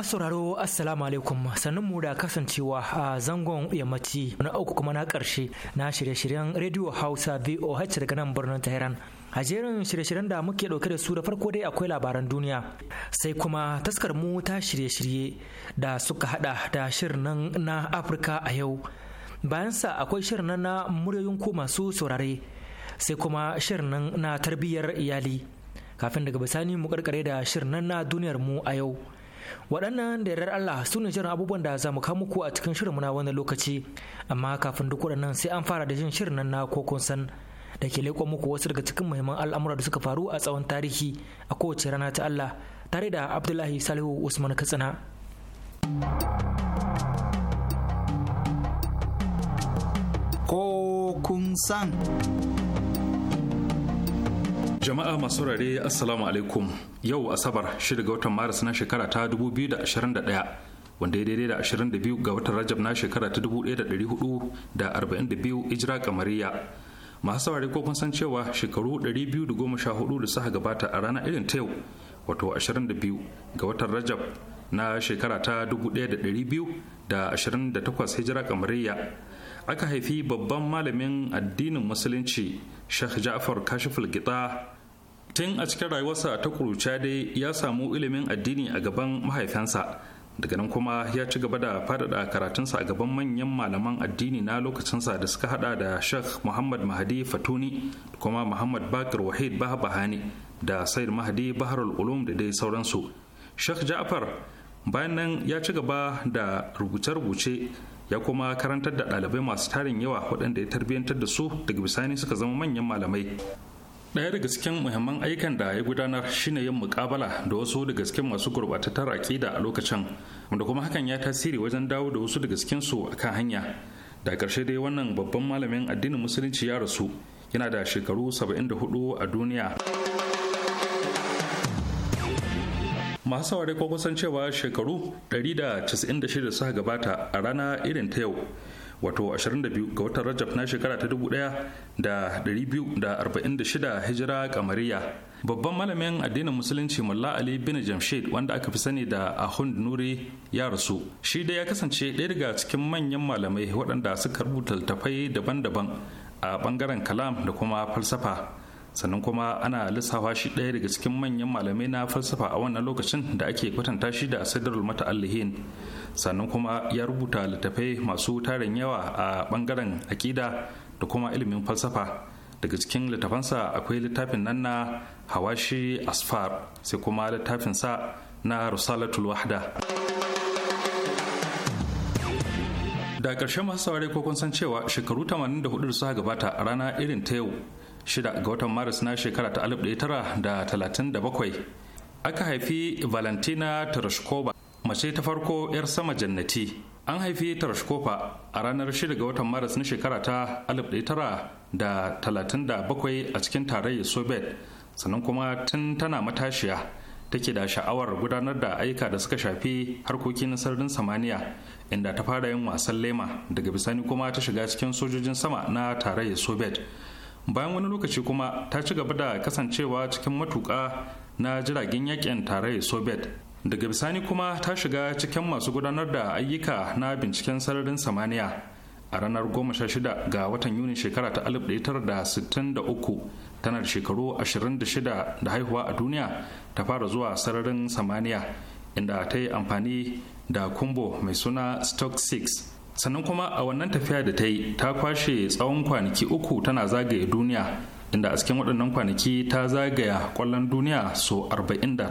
Masu sauraro Assalamu alaikum sannan mu da kasancewa a zangon yammaci na uku kuma na ƙarshe na shirye-shiryen Radio Hausa VOH daga nan birnin Tehran. A jerin shirye-shiryen da muke ɗauke da su da farko dai akwai labaran duniya sai kuma taskar mu ta shirye-shirye da suka hada da shirin nan na Afirka a yau. Bayan sa akwai shirin nan na muryoyin ku masu saurare sai kuma shirin nan na tarbiyyar iyali. Kafin daga bisani mu karkare da shirin nan na duniyar mu a yau. waɗannan da yarar Allah su ne jiran abubuwan da za mu kawo muku a cikin shirin muna wani lokaci amma kafin duk waɗannan sai an fara da jin shirin nan na kokun san da ke leƙon muku wasu daga cikin muhimman al'amura da suka faru a tsawon tarihi a kowace rana ta Allah tare da Abdullahi Salihu Usman Katsina. Ko san. Jama'a masu rare Assalamu alaikum yau Asabar shida ga watan Maris na shekara ta 2021 wanda ya daidai da 22 ga watan Rajab na shekara ta 1442 Ijira kamariya. Masu saurare ko kun san cewa shekaru 214 da suka gabata a ranar irin ta yau wato 22 ga watan Rajab na shekara ta 1228 Hijira kamariya. aka haifi babban malamin addinin musulunci Sheikh Ja'far Kashiful Gita, tun a cikin rayuwarsa ta kuruca dai ya samu ilimin addini a gaban mahaifansa daga nan kuma ya ci gaba da faɗaɗa karatunsa a gaban manyan malaman addini na lokacinsa da suka hada da Sheikh Muhammad Mahdi Fatuni kuma Muhammad Bakir Wahid Bahabahani da Said Mahdi Baharul Ulum da dai sauransu Sheikh Ja'far bayan nan ya ci gaba da rubuce-rubuce ya kuma karantar da ɗalibai masu tarin yawa waɗanda ya tarbiyyantar da su daga bisani suka zama manyan malamai ɗaya daga cikin muhimman aikan da ya gudanar shine yin mukabala da wasu daga cikin masu gurɓatattar aƙida a lokacin wanda kuma hakan ya tasiri wajen dawo da wasu daga cikin su akan hanya da ƙarshe dai wannan babban malamin addinin musulunci ya rasu yana da shekaru 74 a duniya masu saurari ko kusan cewa shekaru 196 suka gabata a rana irin ta yau wato 22 ga watan rajab na shekara ta 1246 hijira kamariya babban malamin addinin musulunci mulla ali bin jamshid wanda aka fi sani da ahund nuri ya rasu shi dai ya kasance ɗaya daga cikin manyan malamai waɗanda suka rubuta littattafai daban-daban a ɓangaren kalam da kuma falsafa sannan kuma ana lissafa shi ɗaya daga cikin manyan malamai na falsafa a wannan lokacin da ake kwatanta shi da sadarul mata'allihin sannan kuma ya rubuta littattafai masu tarin yawa a bangaren akida da kuma ilimin falsafa daga cikin littafansa akwai littafin nan na hawashi asfar sai kuma littafinsa na rusalatul wahda da ƙarshen masu saurari ko kun san cewa shekaru 84 da suka gabata a rana irin ta yau Shida ga watan maris na shekara ta alif da da talatin bakwai aka haifi valentina tarashkova mace ta farko 'yar sama jannati an haifi tarashkova a ranar shida ga watan maris na shekara ta alif da da talatin bakwai a cikin tarayyar soviet sannan kuma tun tana matashiya take da sha'awar gudanar da aika da suka shafi harkokin sararin samaniya inda ta fara yin wasan lema daga bisani kuma ta shiga cikin sojojin sama na tarayyar soviet bayan wani lokaci kuma ta ci gaba da kasancewa cikin matuƙa na jiragen yakin tarayyar soviet daga bisani kuma ta shiga cikin masu gudanar da ayyuka na binciken sararin samaniya a ranar 16 ga watan yuni shekara ta 1963 tana da shekaru 26 da haihuwa a duniya ta fara zuwa sararin samaniya inda ta yi amfani da kumbo mai suna stock sannan kuma a wannan tafiya da ta yi ta kwashe tsawon kwanaki uku tana zagaya duniya inda a cikin waɗannan kwanaki ta zagaya ƙwallon duniya so 48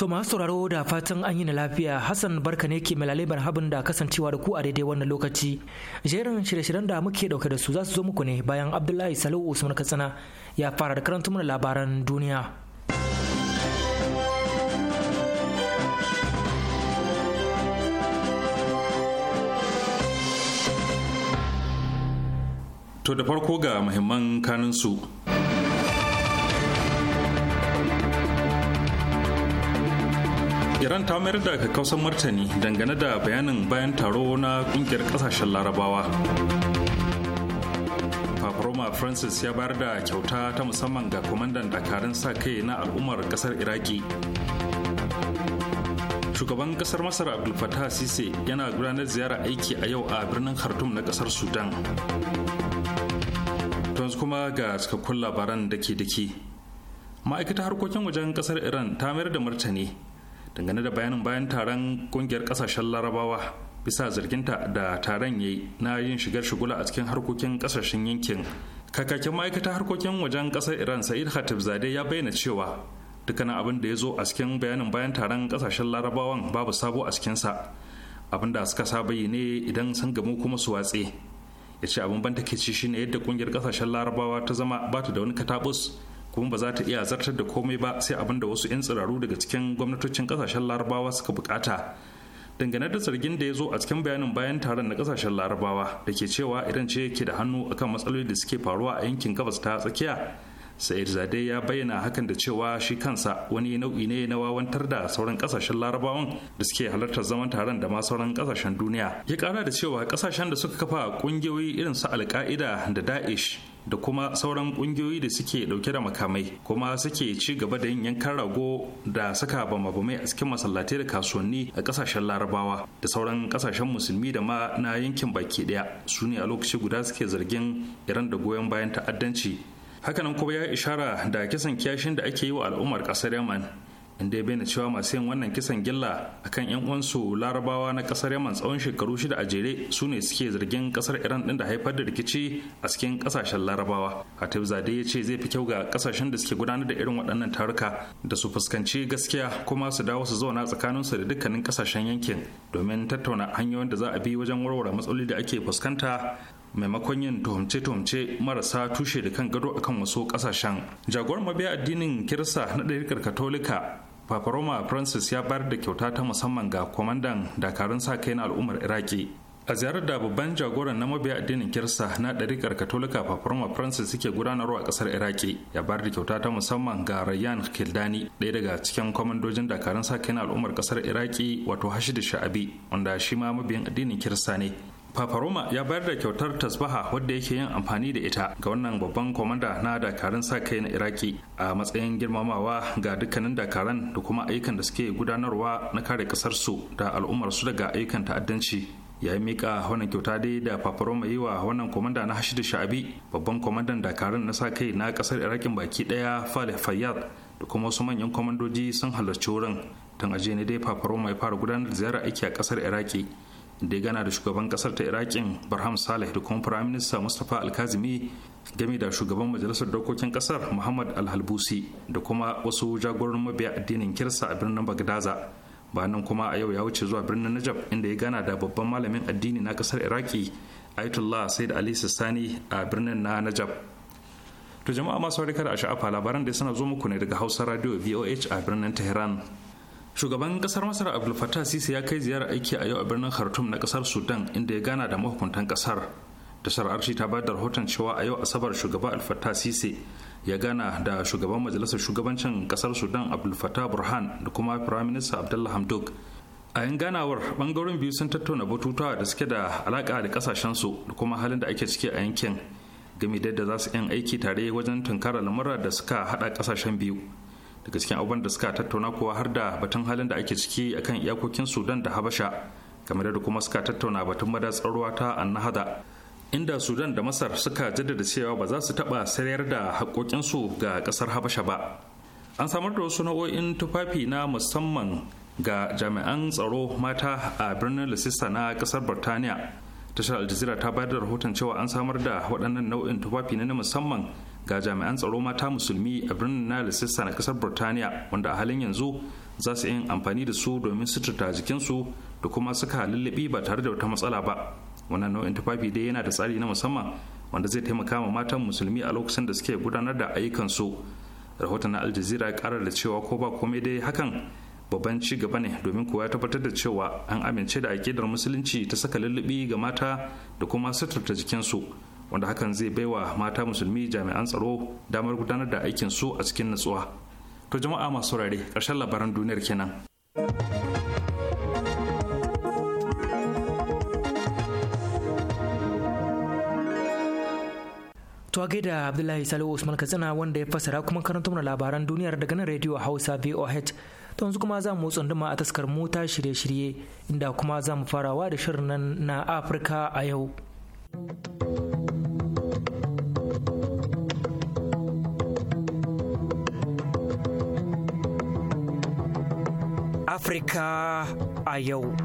To masu sauraro da fatan an yi na lafiya Hassan barka ne ke malalai habin da kasancewa da ku a daidai wannan lokaci. Jerin shirye-shiryen da muke dauke da su za su zo muku ne bayan Abdullahi Salihu Usman Katsina ya fara da karanta mana labaran duniya. To da farko ga muhimman kanunsu. iran ta mayar da kakkausan martani dangane da bayanin bayan taro na kungiyar kasashen larabawa Roma Francis ya bayar da kyauta ta musamman ga kwamandan dakarun sa kai na al'ummar kasar Iraki. Shugaban kasar Masar Abdul Fattah Sise yana gudanar ziyara aiki a yau a birnin Khartoum na kasar Sudan. Tunzu kuma ga cikakkun labaran da dake. Ma'aikatar harkokin wajen kasar Iran ta mayar da martani dangane da bayanin bayan taron kungiyar kasashen larabawa bisa zarginta da taron yayi na yin shigar shugula a cikin harkokin kasashen yankin kakakin ma'aikatar harkokin wajen kasar iran sa'id Zade, ya bayyana cewa dukkanin abin da ya zo a cikin bayanin bayan taron kasashen larabawan babu sabo a sa. abin da suka saba yi ne idan sun gamu kuma su watse ya ce abin ban take ci shine yadda kungiyar kasashen larabawa ta zama ba ta da wani katabus kuma ba za ta iya zartar da komai ba sai abin da wasu 'yan tsiraru daga cikin gwamnatocin kasashen larabawa suka bukata dangane da zargin da ya zo a cikin bayanin bayan taron na kasashen larabawa da ke cewa iran ce ke da hannu akan matsaloli da suke faruwa a yankin gabas ta tsakiya da zade ya bayyana hakan da cewa shi kansa wani nau'i ne na wawantar da sauran kasashen larabawan da suke halartar zaman taron da ma sauran kasashen duniya ya kara da cewa kasashen da suka kafa kungiyoyi irin su alka'ida da da'ish da kuma sauran kungiyoyi da suke dauke da makamai kuma suke ci gaba da yin yankan rago da saka bama-bamai a cikin masallatai da kasuwanni a kasashen larabawa da sauran kasashen musulmi da ma na yankin baki daya su ne a lokaci guda suke zargin iran da goyon bayan ta'addanci hakanan kuma ya ishara da kisan kiyashin da ake yi wa al'ummar kasar yaman inda ya bayyana cewa masu yin wannan kisan gilla akan yan uwansu larabawa na kasar yaman tsawon shekaru shida a jere su ne suke zargin kasar iran din da haifar da rikici a cikin kasashen larabawa hatif zade ya ce zai fi kyau ga kasashen da suke gudanar da irin waɗannan taruka da su fuskanci gaskiya kuma su dawo su zauna tsakanin su da dukkanin kasashen yankin domin tattauna hanyoyin da za a bi wajen warware matsaloli da ake fuskanta maimakon yin tuhumce-tuhumce marasa tushe da kan gado akan wasu kasashen jagoran mabiya addinin Kirsa na ɗarikar katolika papa roma francis ya bayar da kyauta ta musamman ga kwamandan dakarun sa kai na al'ummar iraki a ziyarar da babban jagoran na mabiya addinin Kirsa na ɗarikar katolika papa roma francis suke gudanarwa a kasar iraki ya bayar da kyauta ta musamman ga rayyan kildani ɗaya daga cikin kwamandojin dakarun sa kai na al'ummar kasar iraki wato hashid sha'abi wanda shi ma mabiyan addinin Kirsa ne fafaroma ya bayar da kyautar tasbaha wadda yake yin amfani da ita ga wannan babban kwamanda na dakarun sa kai na Iraki a matsayin girmamawa ga dukkanin dakaran da kuma ayyukan da suke gudanarwa na kare kasarsu su da al'ummar su daga ayyukan ta'addanci. Ya yi mika wannan kyauta dai da fafaroma yi wa wannan kwamandan na Hashidu Sha'abi babban kwamandan dakarun na sa kai na kasar Irakin baki ɗaya falih Fayyad da kuma wasu manyan kwamandoji sun halarci wurin. Tun ajiye ne dai Paparoma ya fara gudanar da ziyara aiki a kasar Iraki. da ya gana da shugaban kasar ta irakin barham saleh da kuma prime mustapha mustapha alkazimi game da shugaban majalisar dokokin kasar muhammad alhalbusi da kuma wasu jagororin mabiya addinin kirsa a birnin bagdaza bayan kuma a yau ya wuce zuwa birnin najab inda ya gana da babban malamin addini na kasar iraki ayatollah said ali sani a birnin na najab to jama'a masu kada a sha'afa labaran da suna zo muku ne daga hausa radio voh a birnin tehran shugaban kasar masar abdul fattah sisi ya kai ziyarar aiki a yau a birnin khartoum na kasar sudan inda ya gana da mahukuntan kasar da arshi ta ba da rahoton cewa a yau asabar shugaba al fattah sisi ya gana da shugaban majalisar shugabancin kasar sudan abdul fattah burhan da kuma firaminista abdullah hamdok a yan ganawar bangaren biyu sun tattauna batutuwa da suke da alaka da kasashen su da kuma halin da ake ciki a yankin game da yadda za su yan aiki tare wajen tunkara lamura da suka hada kasashen biyu daga cikin abubuwan da suka tattauna kuwa har da batun halin da ake ciki akan iyakokin sudan da habasha game da kuma suka tattauna batun madatsar ruwa ta annahada inda sudan da masar suka jaddada cewa ba za su taɓa sayar da haƙoƙinsu ga ƙasar habasha ba an samar da wasu nau'o'in tufafi na musamman ga jami'an tsaro mata a birnin lisista na ƙasar birtaniya tashar aljazira ta bayar da rahoton cewa an samar da waɗannan nau'in tufafi na musamman ga jami'an tsaro mata musulmi a birnin na lississa na kasar burtaniya wanda a halin yanzu za su yin amfani da su domin suturta jikinsu da kuma suka lullubi ba tare da wata matsala ba wannan nau'in tufafi dai yana da tsari na musamman wanda zai taimaka ma matan musulmi a lokacin da suke gudanar da ayyukansu rahoton na aljazira ya kara da cewa ko ba komai dai hakan babban ci gaba ne domin kuwa ya tabbatar da cewa an amince da aƙidar musulunci ta saka lullubi ga mata da kuma suturta jikinsu wanda hakan zai baiwa mata musulmi jami'an tsaro damar gudanar da aikin su a cikin natsuwa to jama'a masu rare ƙarshen labaran duniyar kenan To da Abdullahi Salihu Usman Katsina wanda ya fassara kuma karanta mana labaran duniyar daga nan rediyo Hausa VOH To yanzu kuma za mu motsa a taskar mota shirye-shirye inda kuma za mu farawa da shirin nan na Afirka a yau. Afirka a yau.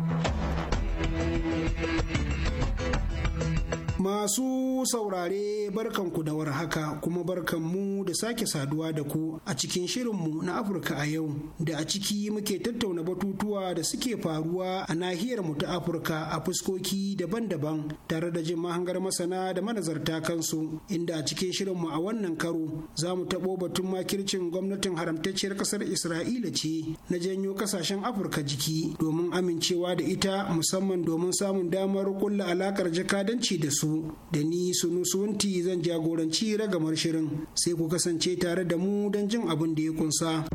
Masu saurare barkanku da warhaka haka kuma barkanmu da sake saduwa da ku a cikin shirinmu na Afirka a yau da a ciki muke tattauna batutuwa da suke faruwa a nahiyar mu ta Afirka a fuskoki daban-daban tare da jin mahangar masana da manazarta kansu inda a cikin shirinmu a wannan karo za mu taɓo batun makircin gwamnatin haramtacciyar ƙasar Isra'ila ce na janyo ƙasashen Afirka jiki domin amincewa da ita musamman domin samun damar kulla alaƙar jakadanci da su su da ni sunu suwanti zan jagoranci ragamar shirin sai ku kasance tare da mu don jin abin da ya kunsa.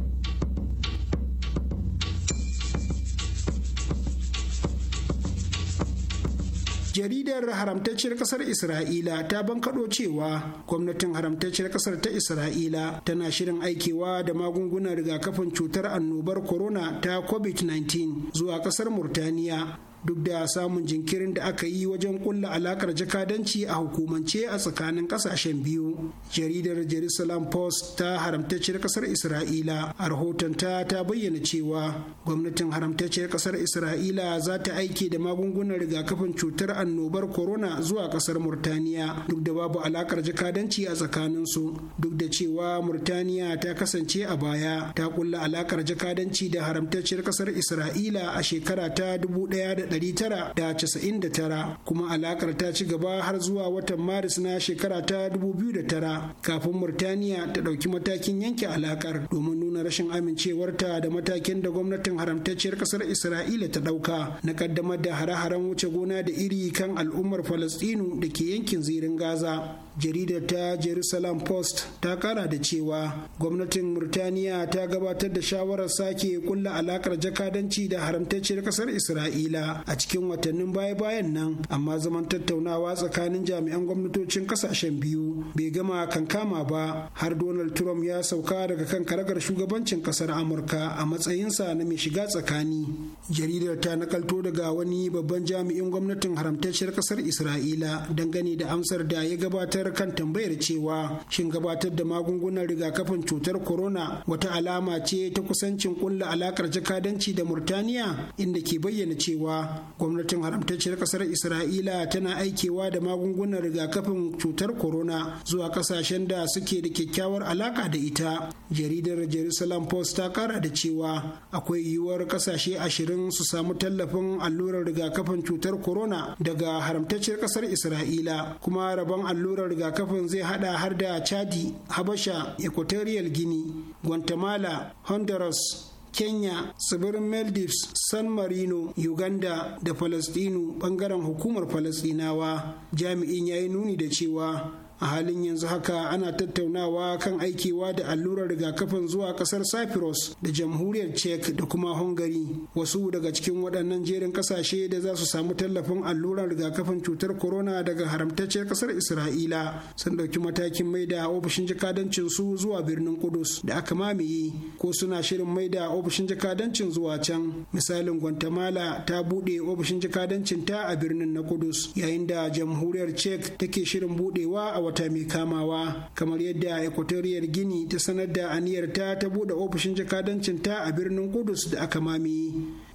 jaridar haramtacciyar kasar isra'ila ta bankaɗo cewa gwamnatin haramtacciyar kasar ta isra'ila tana shirin aikewa da magungunan rigakafin cutar annobar corona ta covid-19 zuwa kasar murtaniya duk da samun jinkirin da aka yi wajen kulla alakar jakadanci a hukumance a tsakanin kasashen biyu jaridar jerusalem post ta haramtacciyar kasar isra'ila a rahotonta ta bayyana cewa gwamnatin haramtacciyar kasar isra'ila za ta aiki da magungunan rigakafin cutar annobar corona zuwa kasar murtaniya duk da babu alakar jakadanci a tsakanin su. duk da cewa murtaniya ta kasance a baya ta kulla alakar jakadanci da haramtacciyar kasar isra'ila a shekara ta ɗaya 1900 1999 kuma alakar ta ci gaba har zuwa watan maris na shekara ta 2009 kafin murtaniya ta ɗauki matakin yanke alakar domin nuna rashin amincewarta da matakin da gwamnatin haramtacciyar ƙasar isra'ila ta ɗauka na ƙaddamar da hare-haren wuce gona da iri kan al'ummar falastinu da ke yankin zirin gaza jaridar ta jerusalem post ta kara da cewa gwamnatin murtaniya ta gabatar da shawarar sake kulla alakar jakadanci da haramtacciyar ƙasar isra'ila a cikin watannin baya-bayan nan amma zaman tattaunawa tsakanin jami'an gwamnatocin kasashen biyu bai gama kan kama ba har donald trump ya sauka daga kan karagar shugabancin kasar amurka a matsayinsa na mai shiga tsakani jaridar ta nakalto daga wani babban jami'in gwamnatin haramtacciyar kasar isra'ila dangane da amsar da ya gabatar kan tambayar cewa shin gabatar da magungunan rigakafin cutar corona wata alama ce ta kusancin kulla alakar jakadanci da murtaniya inda ke bayyana cewa gwamnatin haramtacciyar kasar isra'ila tana aikewa da magungunan rigakafin cutar corona zuwa kasashen da suke da kyakkyawar alaka da ita jaridar jerusalem post ta kara da cewa akwai yiwuwar kasashe ashirin su samu tallafin allurar rigakafin cutar corona daga haramtacciyar kasar isra'ila kuma rabon allurar rigakafin zai hada har da chadi habasha equatorial guinea guatemala honduras kenya tsibirin maldives san marino uganda da falastinu bangaren hukumar falastinawa jami'in ya yi nuni da cewa a halin yanzu haka ana tattaunawa kan aikewa da allurar rigakafin zuwa kasar cyprus da jamhuriyar czech da kuma hungary wasu daga cikin waɗannan jerin ƙasashe da za su samu tallafin allurar rigakafin cutar corona daga haramtacciyar ƙasar isra'ila sun ɗauki matakin maida ofishin jakadancin su zuwa birnin kudus da aka mamaye ko suna shirin mai da ofishin jakadancin zuwa can misalin guatemala ta buɗe ofishin jakadancin ta a birnin na kudus yayin da jamhuriyar czech take shirin buɗewa a wata mai kamawa kamar yadda ekwatoriyar gini ta sanar da aniyarta ta buɗe ofishin jakadancinta a birnin kudus da aka mami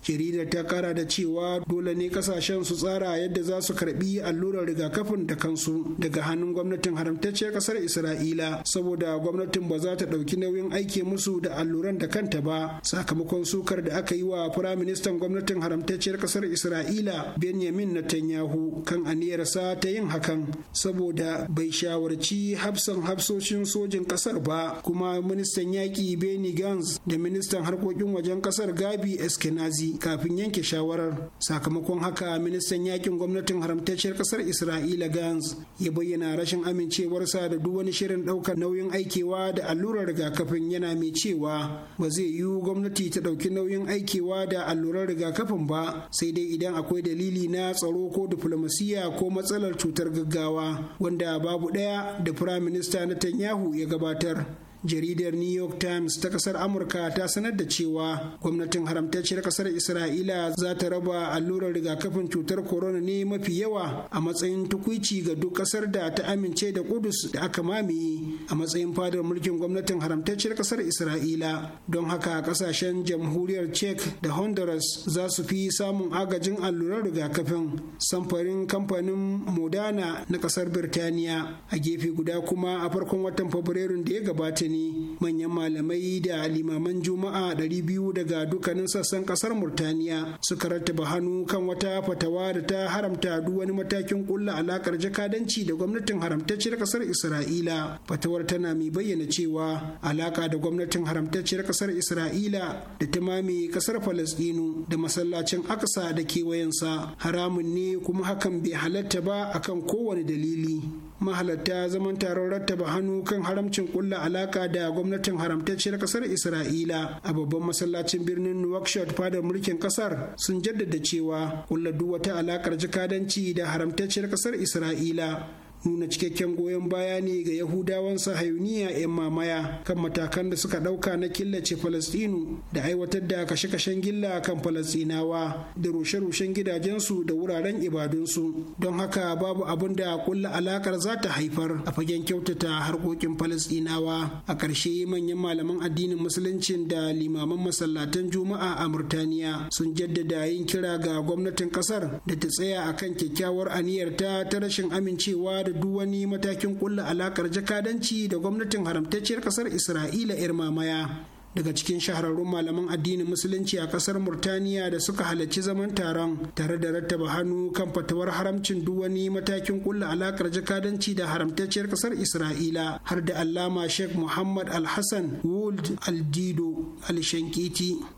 jarida ta kara da cewa dole ne kasashen su tsara yadda za su karbi allurar rigakafin da kansu daga hannun gwamnatin haramtacciyar kasar isra'ila saboda gwamnatin ba za ta ɗauki nauyin aiki musu da alluran da kanta ba sakamakon sukar da aka yi wa firaministan gwamnatin haramtacciyar kasar isra'ila benjamin netanyahu kan aniyarsa ta yin hakan saboda bai shawarci hafsan hafsoshin sojin kasar ba kuma ministan yaƙi benny gans da ministan harkokin wajen kasar gabi eskenazi kafin yanke shawarar sakamakon haka ministan yakin gwamnatin haramtacciyar kasar isra'ila gans ya bayyana rashin amincewarsa da duk wani shirin ɗaukar nauyin aikewa da allurar rigakafin yana mai cewa ba zai yiwu gwamnati ta ɗauki nauyin aikewa da allurar rigakafin ba sai dai idan akwai dalili na tsaro ko diflomasiyya ko matsalar cutar gaggawa wanda babu ɗaya da firaminista netanyahu ya gabatar jaridar new york times ta kasar amurka ta sanar da cewa gwamnatin haramtacciyar kasar isra'ila za ta raba allurar rigakafin cutar corona ne mafi yawa a matsayin tukuici ga duk kasar da ta amince da kudus da aka mamaye a matsayin fadar mulkin gwamnatin haramtacciyar kasar isra'ila don haka kasashen jamhuriyar czech da honduras za su fi samun agajin allurar rigakafin samfarin kamfanin modana na kasar birtaniya a gefe guda kuma a farkon watan fabrairun da ya gabata ne litinin manyan malamai da limaman juma'a ɗari biyu daga dukkanin sassan kasar murtaniya suka rattaba hannu kan wata fatawa da ta haramta duk wani matakin kulla alakar jakadanci da gwamnatin haramtacciyar ƙasar isra'ila fatawar tana mai bayyana cewa alaka da gwamnatin haramtacciyar ƙasar isra'ila da ta mame ƙasar falastinu da masallacin aksa da kewayensa haramun ne kuma hakan bai halatta ba akan kowane dalili mahalarta zaman taron rattaba hannu kan haramcin kulla alaka da gwamnatin haramtacciyar kasar isra'ila a babban masallacin birnin nouakchott fadar mulkin kasar sun jaddada cewa kulla duk wata alakar jakadanci da haramtacciyar kasar isra'ila nuna cikakken goyon baya ne ga yahudawan sahayuniya 'yan mamaya kan matakan da suka ɗauka na killace falastinu da aiwatar da kashe-kashen gilla kan falastinawa da rushe-rushen gidajensu da wuraren ibadunsu don haka babu abin da kulla alakar za ta haifar a fagen kyautata harkokin falastinawa a ƙarshe manyan malaman addinin musuluncin da limaman masallatan juma'a a murtaniya sun jaddada yin kira ga gwamnatin ƙasar da ta tsaya akan kyakkyawar aniyarta ta rashin amincewa da duk wani matakin kulla alakar jakadanci da gwamnatin haramtacciyar kasar isra'ila 'yar mamaya daga cikin shahararrun malaman addinin musulunci a kasar murtaniya da suka halarci zaman taron tare da rattaba hannu kan fatawar haramcin duk wani matakin kulla alakar jakadanci da haramtacciyar kasar isra'ila har da allama sheikh muhammad AlHassan hassan wold aldido al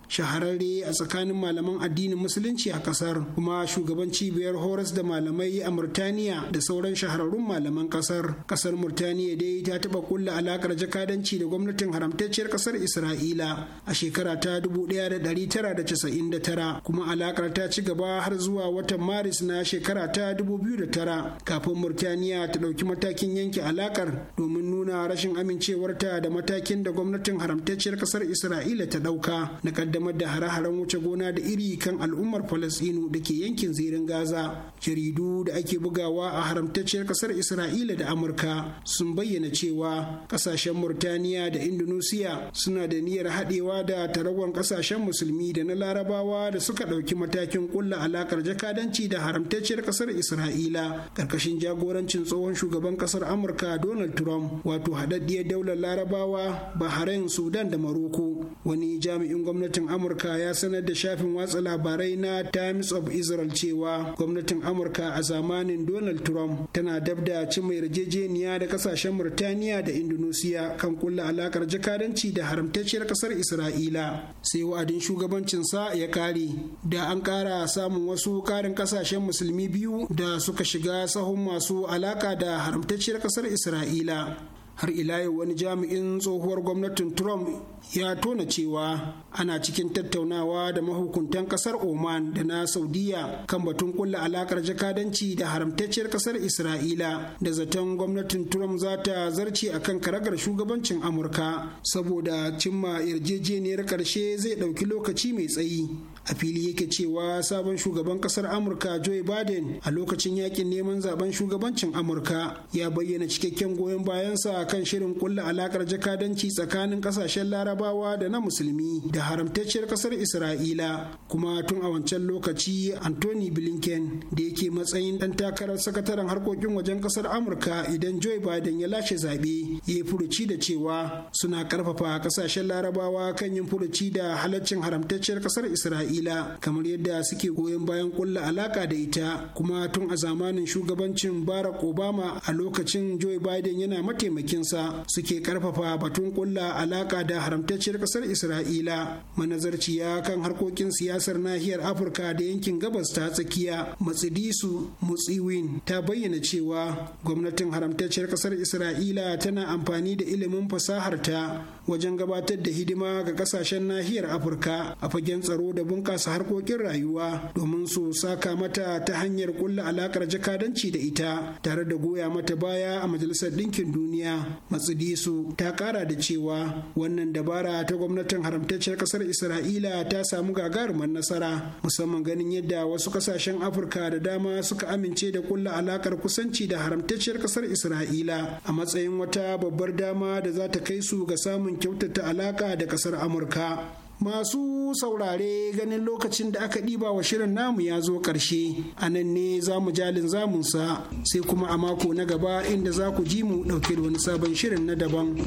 shahararre a tsakanin malaman addinin musulunci a kasar kuma shugaban cibiyar horas da malamai a murtaniya da sauran shahararrun malaman kasar kasar murtaniya dai ta taba kulla alakar jakadanci da gwamnatin haramtacciyar kasar isra'ila a shekara ta 1999 kuma alakar ta ci gaba har zuwa watan maris na shekara ta 2009 kafin murtaniya ta ɗauki matakin yanke alakar domin nuna rashin amincewarta da matakin da gwamnatin haramtacciyar kasar isra'ila ta ɗauka na kaddamar da hare-haren wuce gona da iri kan al'ummar falasɗinu da ke yankin zirin gaza jaridu da ake bugawa a haramtacciyar kasar isra'ila da amurka sun bayyana cewa kasashen murtaniya da indonesia suna da niyyar haɗewa da taragon kasashen musulmi da na larabawa da suka ɗauki matakin ƙulla alakar jakadanci da haramtacciyar kasar isra'ila ƙarƙashin jagorancin tsohon shugaban kasar amurka donald trump wato haɗaɗɗiyar daular larabawa bahrain sudan da maroko wani jami'in gwamnatin gwamnatin amurka ya sanar da shafin watsa labarai na times of israel cewa gwamnatin amurka a zamanin donald trump tana dab da cimma yarjejeniya da kasashen murtaniya da indonesia kan kulla alakar jakadanci da haramtacciyar kasar isra'ila sai wa'adin shugabancinsa ya kare da an kara samun wasu karin kasashen musulmi biyu da suka shiga sahun masu alaka da haramtacciyar kasar isra'ila har ila yau wani jami'in tsohuwar gwamnatin trump ya tona cewa ana cikin tattaunawa da mahukuntan kasar oman da na saudiya kan batun kulla alakar jakadanci da haramtacciyar kasar isra'ila da zaton gwamnatin trump za ta zarce a kan karagar shugabancin amurka saboda cimma yarjejeniyar karshe zai ɗauki lokaci mai tsayi a fili yake cewa sabon shugaban kasar amurka joe biden a lokacin yakin neman zaben shugabancin amurka ya bayyana cikakken goyon bayansa kan shirin kulla alakar jakadanci tsakanin kasashen larabawa da na musulmi da haramtacciyar kasar isra'ila kuma tun a wancan lokaci anthony blinken da yake matsayin dan takarar sakataren harkokin wajen kasar amurka idan joe biden ya lashe zaɓe ya furuci da cewa suna ƙarfafa kasashen larabawa kan yin furuci da halaccin haramtacciyar kasar isra'ila isra'ila kamar yadda suke goyon bayan kulla alaka da ita kuma tun a zamanin shugabancin barack obama a lokacin joe biden yana mataimakinsa suke karfafa batun kulla alaka da haramtacciyar kasar isra'ila manazarciya kan harkokin siyasar nahiyar afirka da yankin gabas ta tsakiya matsidisu mutsiwin ta bayyana cewa gwamnatin haramtacciyar kasar isra'ila tana amfani da ilimin fasaharta wajen gabatar da hidima ga kasashen nahiyar afirka a fagen tsaro da bunƙasa harkokin rayuwa domin su saka mata ta hanyar kulla alakar jakadanci da ita tare da goya mata baya a majalisar ɗinkin duniya matsidisu ta ƙara da cewa wannan dabara ta gwamnatin haramtacciyar ƙasar isra'ila ta samu gagarumar nasara musamman ganin yadda wasu ƙasashen afirka da dama suka amince da kulla alakar kusanci da haramtacciyar ƙasar isra'ila a matsayin wata babbar dama da za ta kai su ga samun kyautata alaka da kasar amurka masu saurare ganin lokacin da aka ɗiba wa shirin namu ya zo ƙarshe a nan ne za mu jalin zamunsa sai kuma a mako na gaba inda za ku ji mu ɗauke da wani sabon shirin na daban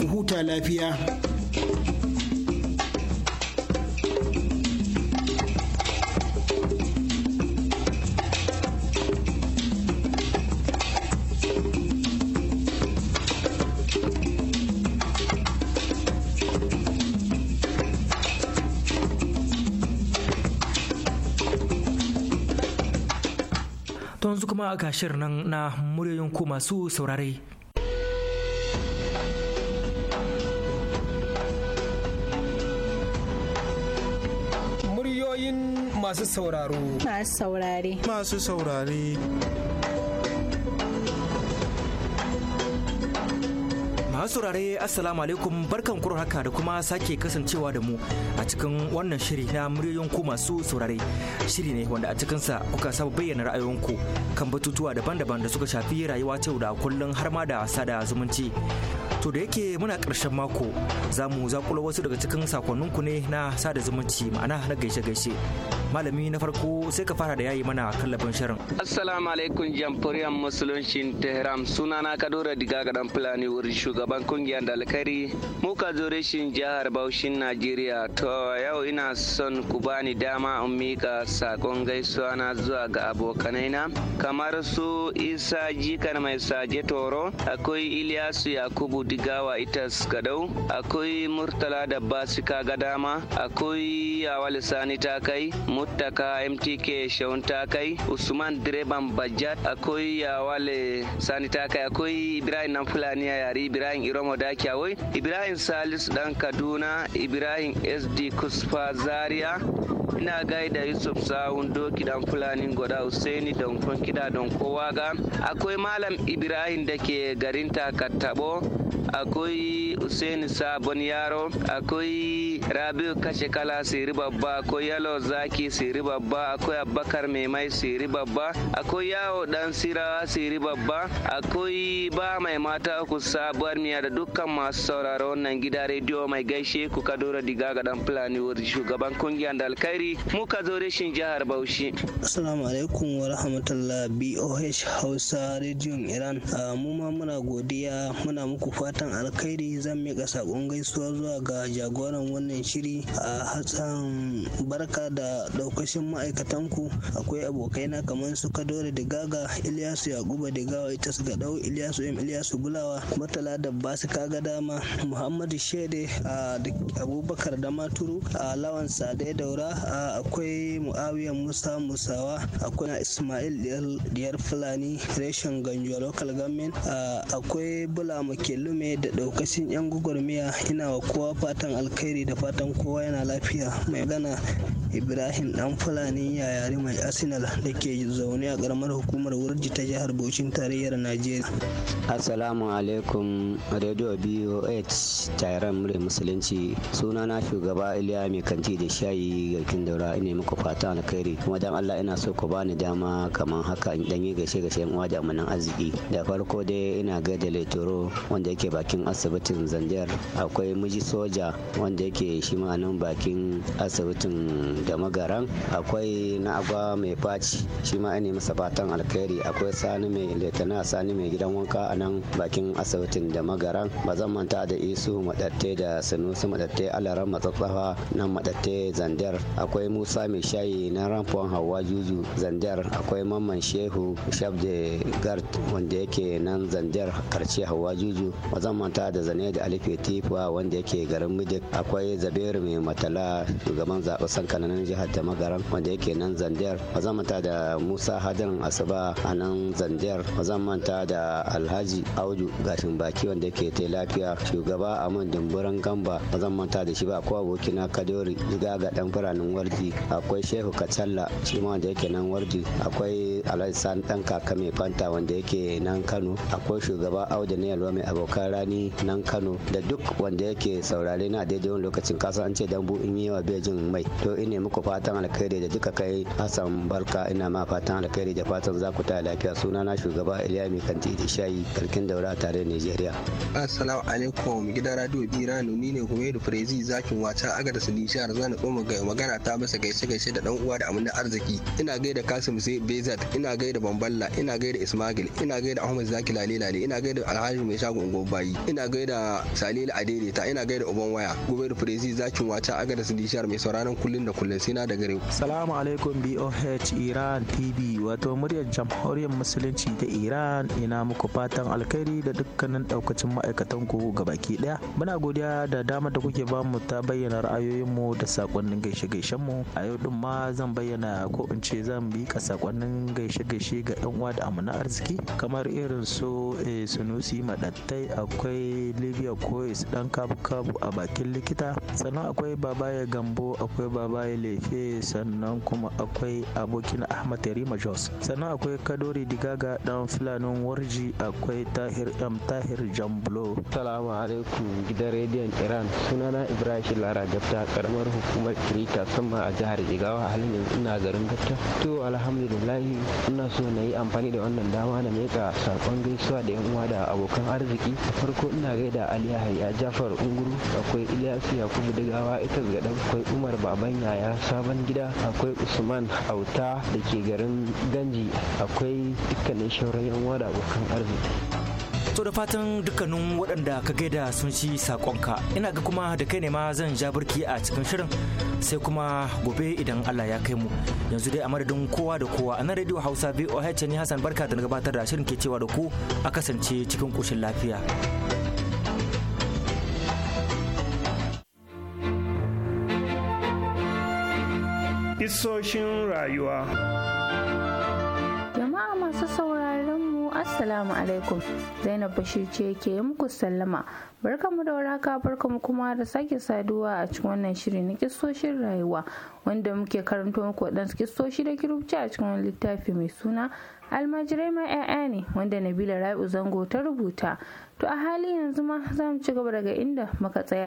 ku huta lafiya kuma ga shirin nan na muryoyin ku masu saurare. Muryoyin masu sauraro. Masu saurare. Masu saurare. Masu saurare Assalamu alaikum barkan kuro haka da kuma sake kasancewa da mu a cikin wannan shiri na muryoyin masu saurare. Shiri ne wanda a cikinsa kuka saba bayyana ra'ayoyinku kan batutuwa daban-daban da suka shafi rayuwa ta yau da kullum har ma da sada zumunci. To da yake muna ƙarshen mako za mu zakulo wasu daga cikin sakonninku ne na sada zumunci ma'ana na gaishe-gaishe. Malami na farko sai ka fara da yayi mana kallafin shirin. Assalamu alaikum jamhuriyar musuluncin Tehran sunana Kadura Diga Gadan Fulani wurin shugaban kungiyar dalkari ka zo reshin jihar Baushin Najeriya to yau ina son ku bani dama in mika sakon gaisuwa na zuwa ga abokanai na kamar su Isa Jikar mai saje toro akwai iliyasu Yakubu gawa ita gadau akwai murtala da basika ga dama akwai yawal sani ta kai muttaka mtk shawun ta kai usman direban bajat akwai yawal sani ta kai akwai ibrahim nan fulani a yari ibrahim iromo da kyawai ibrahim salis dan kaduna ibrahim sd kusfa zaria ina gaida yusuf sawun doki dan fulani goda usaini don kida don kowa ga akwai malam ibrahim da ke garin takattabo akwai Usaini Sabon Yaro, akwai Rabiu Kashe Kala Siri Babba, akwai Yalo Zaki Siri Babba, akwai Abakar Maimai Siri Babba, akwai Yawo Dan Sirawa Siri Babba, akwai Ba Mai Mata Uku Sabuwar Miya da dukkan masu sauraro nan gida rediyo mai gaishe ku Kadora Diga ga Dan Fulani shugaban kungiyar da muka zo rashin jihar Bauchi. Assalamu alaikum wa rahmatullah BOH Hausa Radio Iran. Ah, mu ma muna godiya muna muku fata fatan alkhairi zan mika sakon gaisuwa zuwa ga jagoran wannan shiri a hatsan barka da daukashin ma'aikatan ku akwai abokaina kamar su kadore da gaga ilyasu yakuba da gawa ita su gadau ilyasu ilyasu bulawa matala da basu ga dama muhammadu shede a abubakar da maturu a lawan sade daura akwai muawiyan musa musawa akwai ismail diyar fulani reshen ganjuwa local government akwai bula makelume ne da daukacin 'yan gwagwarmaya ina wa kowa fatan alkhairi da fatan kowa yana lafiya mai gana ibrahim dan fulani yayari mai arsenal da ke zaune a karamar hukumar wurji ta jihar bauchin tarayyar najeriya assalamu alaikum radio boh tayaran mure musulunci suna na shugaba iliya mai kanti da shayi garkin daura ina muku fatan alkhairi kuma dan allah ina so ku bani dama kamar haka in danyi gashe gashe yan uwa da amanan arziki da farko dai ina gaida laitoro wanda yake bakin asibitin zanjar akwai miji soja wanda yake shi ma nan bakin asibitin da magaran akwai na agwa mai faci shi ma ne masa fatan alkhairi akwai sani mai letana sani mai gidan wanka a nan bakin asibitin da magaran ba zan manta da isu madatte da sanusi madatte alaran matsatsafa nan madatte zandar akwai musa mai shayi na ramfon hawa juju zandar akwai mamman shehu shabde gard wanda yake nan zandar karce hawa juju zan manta da zane da alife tifa wanda yake garin midik akwai zabiru mai matala shugaban zaɓe sankananin jihar da magaran wanda yake nan zandiyar ba zan manta da musa hadarin asuba a nan zandiyar ba zan manta da alhaji audu gashin baki wanda yake ta lafiya shugaba aman dumburan gamba ba zan manta da shi ba akwai abokina kadori diga ga dan firanin wardi akwai shehu katsalla shi ma wanda yake nan wardi akwai alhaji san dan kaka mai fanta wanda yake nan kano akwai shugaba audu ne alwa mai abokan rani nan kano da duk wanda yake saurare na daidai wani lokacin kasa an ce dambu in yi wa bejin mai to ina muku fatan alkhairi da duka kai hassan barka ina ma fatan alkhairi da fatan za ku ta lafiya suna na shugaba iliya mai kanti da shayi karkin daura tare nigeria assalamu alaikum gidan radio birano ni ne kuma da firezi zakin wata da su nishar zan tsoma ga magana ta masa gaishe gaishe da dan uwa da amina arziki ina gaida kasim sai bezat ina gaida bamballa ina gaida ismagil ina gaida ahmad zaki lale lale ina gaida alhaji mai shagon gobayi yi ina gaida Salil Adedeta ina gaida Uban Waya Gobir Firezi Zakin Wata Agadas Nishar mai sauraron kullun da kullun sai na da gare Salamu alaikum BOH Iran TV wato muryar jamhuriyar musulunci ta Iran ina muku fatan alkhairi da dukkanin daukacin ma'aikatan ku gabaki daya. Muna godiya da damar da kuke bamu ta bayyana ra'ayoyinmu da sakonnin gaishe-gaishen mu a yau din ma zan bayyana ko in ce zan ka sakonnin gaishe-gaishe ga yan uwa da amana arziki kamar irin su eh, Sunusi Madattai a akwai libya koyes ɗan kabu-kabu a bakin likita sannan akwai babaye gambo akwai babaye lefe sannan kuma akwai abokin ahmad Rima jos sannan akwai kadori digaga dan filanin warji akwai tahir m tahir jamblo salamu alaikum gidan rediyon iran sunana ibrahim lara jabta karamar hukumar kirita sama a jihar jigawa halin yanzu ina garin gafta to alhamdulillahi ina so na yi amfani da wannan dama na miƙa saƙon gaisuwa da yan uwa da abokan arziki farko ina gaida ali yahaya jafar unguru akwai ilyasu yakubu digawa ita gadan akwai umar baban yaya sabon gida akwai usman auta da ke garin ganji akwai dukkanin shauran yan wada abokan arziki To da fatan dukkanin waɗanda ka gaida sun shi saƙonka ina ga kuma da kai ne ma zan ja birki a cikin shirin sai kuma gobe idan Allah ya kai mu yanzu dai a madadin kowa da kowa a nan radio Hausa VOH ne Hassan barka da na gabatar da shirin ke cewa da ku a kasance cikin ƙoshin lafiya. Isoshin rayuwa Assalamu alaikum Zainab Bashir ce ke muku sallama barkamu da waraka barkamu kuma da sake saduwa a cikin wannan shiri na kistoshin rayuwa wanda muke karanto muku waɗansu kistoshi da kirubci a cikin wani littafi mai suna almajirai ma 'ya'ya ne wanda Nabila Rabi'u Zango ta rubuta to a hali yanzu ma za mu ci gaba daga inda muka tsaya.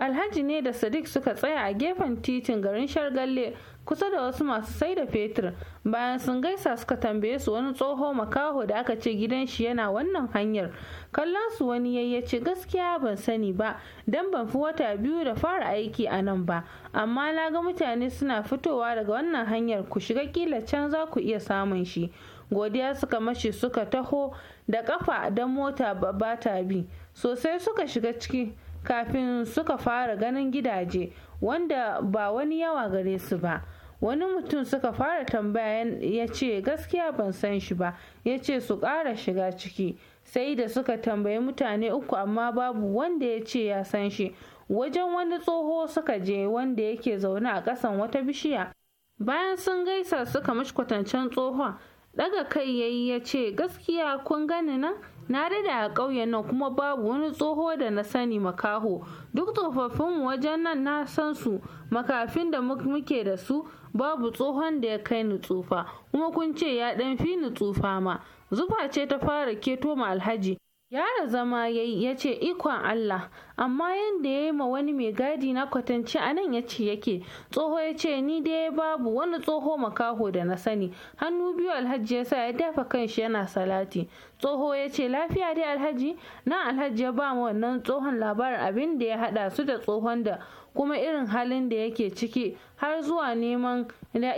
Alhaji ne da Sadiq suka tsaya a gefen titin garin Shargalle kusa da wasu masu sai da fetur bayan sun gaisa suka tambaye su wani tsoho makaho da aka ce gidan shi yana wannan hanyar kallon su wani yayyace gaskiya ban sani ba dan ban fi wata biyu da fara aiki a nan ba amma na ga mutane suna fitowa daga wannan hanyar ku shiga kila can za ku iya samun shi godiya suka mashi suka taho da kafa dan mota ba ta bi sosai suka shiga ciki kafin suka fara ganin gidaje wanda ba wani yawa gare su ba wani mutum suka fara tambaya ya ce gaskiya ban san shi ba ya ce su ƙara shiga ciki sai da suka tambayi mutane uku amma babu wanda ya ce ya san shi wajen wani tsoho suka je wanda yake zaune a ƙasan wata bishiya bayan sun gaisa suka mashi tsohon daga kai ya yi ya ce gaskiya kun gani nan na dada a ƙauyen nan kuma babu wani tsoho da na sani makaho duk tsofaffin wajen nan na san su makafin da muke da su babu tsohon da ya kai ni tsufa kuma kun ce ya dan fi ni tsufa ma zufa ce ta fara keto ma alhaji yara zama yayi ya ce ikon Allah amma yanda ya yi ma wani mai gadi na kwatance a nan ya ce yake tsoho ya ce ni dai babu wani tsoho makaho da na sani hannu biyu alhaji ya sa ya dafa kanshi yana salati tsoho ya ce lafiya dai alhaji na alhaji ya ba wannan tsohon labarin abin da ya hada su da tsohon da kuma irin halin da yake ciki har zuwa neman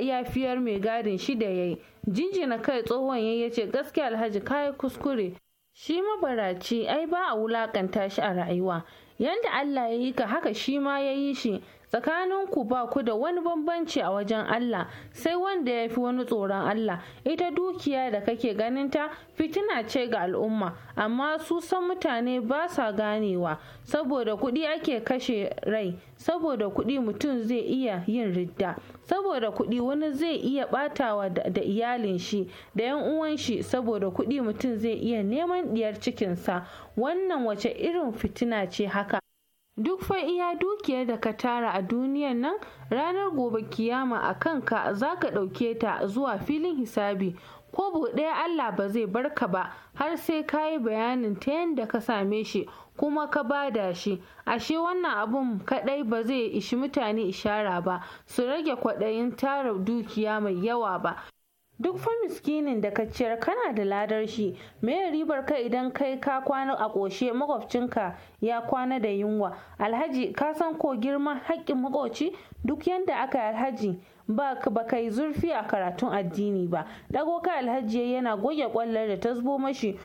yafiyar mai gadin shi da yayi jinjina kai tsohon yayi yace ce gaskiya alhaji kayi kuskure shi mabaraci ai ba a wulakanta shi a rayuwa yanda Allah ya yi ka haka shi ma ya yi shi tsakaninku ba ku da wani bambanci a wajen Allah sai wanda ya fi wani tsoron Allah ita dukiya da kake ganinta fitina ce ga al'umma amma su san mutane ba sa ganewa saboda kuɗi ake kashe rai saboda kuɗi mutum zai iya yin ridda saboda kuɗi wani zai iya ɓatawa da iyalin shi da yan uwan shi saboda kuɗi mutum zai iya neman diyar cikinsa wannan wace irin fitina ce haka duk fa iya dukiyar da ka tara a duniyan nan ranar gobe kiyama a kanka za ka ɗauke ta zuwa filin hisabi ko buɗe Allah ba zai barka ba har sai ka yi bayanin ta yadda ka same shi kuma ka bada shi ashe wannan abun kaɗai ba zai ishi mutane ishara ba su rage kwaɗayin tara dukiya mai yawa ba duk fa miskinin da ka ciyar kana da ladar shi me ribar ka idan kai ka kwana a ƙoshe makwabcinka ya kwana da yunwa alhaji ka san ko girman haƙƙin makwabci. duk yanda aka alhaji ba ka yi zurfi a karatun addini ba dago ka alhaji yana goge kwallar da ta zubo mashi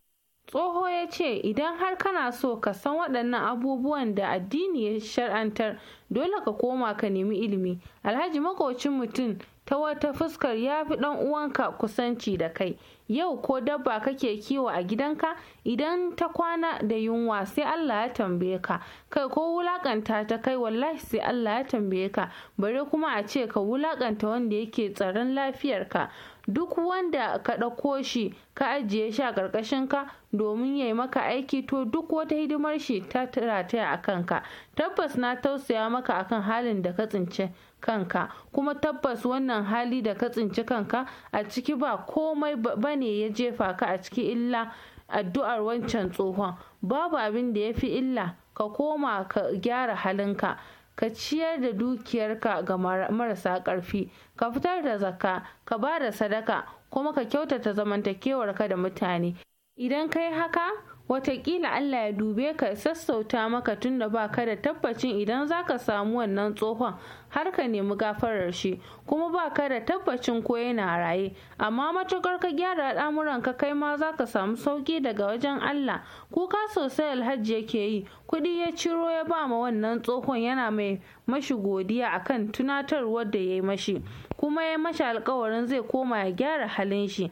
tsoho ya ce idan har kana so ka san waɗannan abubuwan da addini ya shar'antar dole ka koma ka nemi ilimi alhaji makocin mutum ta wata fuskar ya fi ɗan uwanka kusanci da kai yau ko dabba kake kiwo a gidanka idan ta kwana da yunwa sai Allah ya tambaye ka kai ko wulakanta ta kai wallahi sai Allah ya tambaye ka bare kuma a ce ka wulakanta wanda yake tsaron lafiyar ka duk wanda ka ɗauko shi ka ajiye shi a ƙarƙashin ka domin ya yi maka aiki to duk wata hidimar shi ta ta a kanka tabbas na tausaya maka akan halin da ka tsince kanka kuma tabbas wannan hali da ka tsinci kanka a ciki ba komai ba ne ya jefa ka a ciki illa addu'ar wancan tsohon babu abin da ya fi illa ka koma ka gyara halinka ka ciyar da dukiyarka ga marasa ƙarfi ka fitar da zakka ka ba da sadaka kuma ka kyautata zamantakewarka da mutane idan ka yi haka watakila Allah ya dube ka sassauta maka tunda ba ka da tabbacin idan za ka samu wannan tsohon har ka nemi gafarar shi kuma ba ka da tabbacin ko yana raye amma matukar ka gyara al'amuran ka kai ma za ka samu sauki daga wajen Allah kuka sosai alhaji yake yi kuɗi ya ciro ya ba ma wannan tsohon yana mai mashi godiya akan tunatarwar da ya yi mashi kuma ya mashi alkawarin zai koma ya gyara halin shi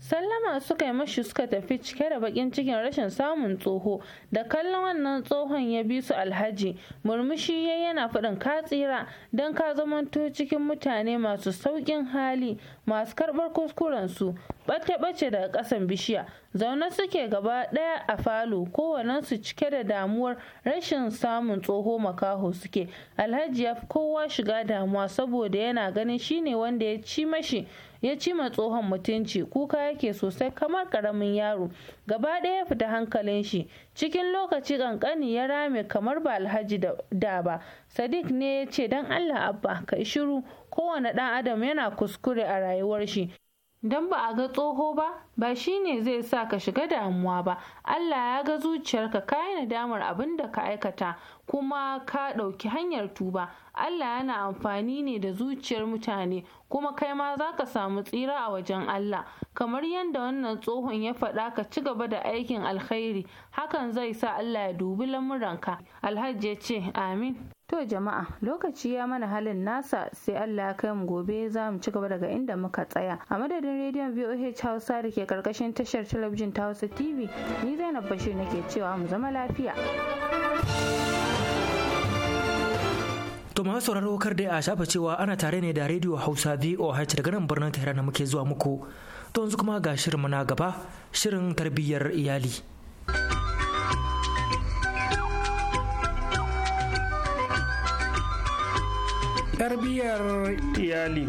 sallama suka yi mashi suka tafi cike da bakin cikin rashin samun tsoho da kallon wannan tsohon ya bi su alhaji murmushi ya yana faɗin ka tsira don ka zamanto cikin mutane masu sauƙin hali masu karbar kuskuren su ɓace-ɓace daga ƙasan bishiya zaune suke gaba ɗaya a falo kowanensu cike da damuwar rashin samun tsoho makaho suke alhaji ya fi kowa shiga damuwa saboda yana ganin shine wanda ya ci mashi ya ci ma tsohon mutunci kuka yake sosai kamar karamin yaro gaba ɗaya ya fita hankalin shi cikin lokaci kankani ya rame kamar ba alhaji da ba sadiq ne ya ce don allah abba ka shiru kowane ɗan adam yana kuskure a rayuwar shi don ba a ga tsoho ba ba shi ne zai sa ka shiga damuwa ba Allah ya ga zuciyarka ka yi nadamar abin da ka aikata kuma ka ɗauki hanyar tuba Allah yana amfani ne da zuciyar mutane kuma kai ma za ka samu tsira a wajen Allah kamar yadda wannan tsohon ya faɗa ka ci gaba da aikin alkhairi hakan zai sa Allah ya dubi lamuranka alhaji ya ce amin To jama'a lokaci ya mana halin nasa sai Allah ya kai mu gobe za mu ci gaba daga inda muka tsaya. A madadin rediyon VOH Hausa da ke karkashin tashar talabijin ta Hausa TV ni Zainab Bashir nake cewa mu zama lafiya. To masu sauraro kar dai a shafa cewa ana tare ne da Radio Hausa VOH daga nan birnin na muke zuwa muku. To yanzu kuma ga shirin na gaba shirin tarbiyyar iyali. Tarbiyyar iyali.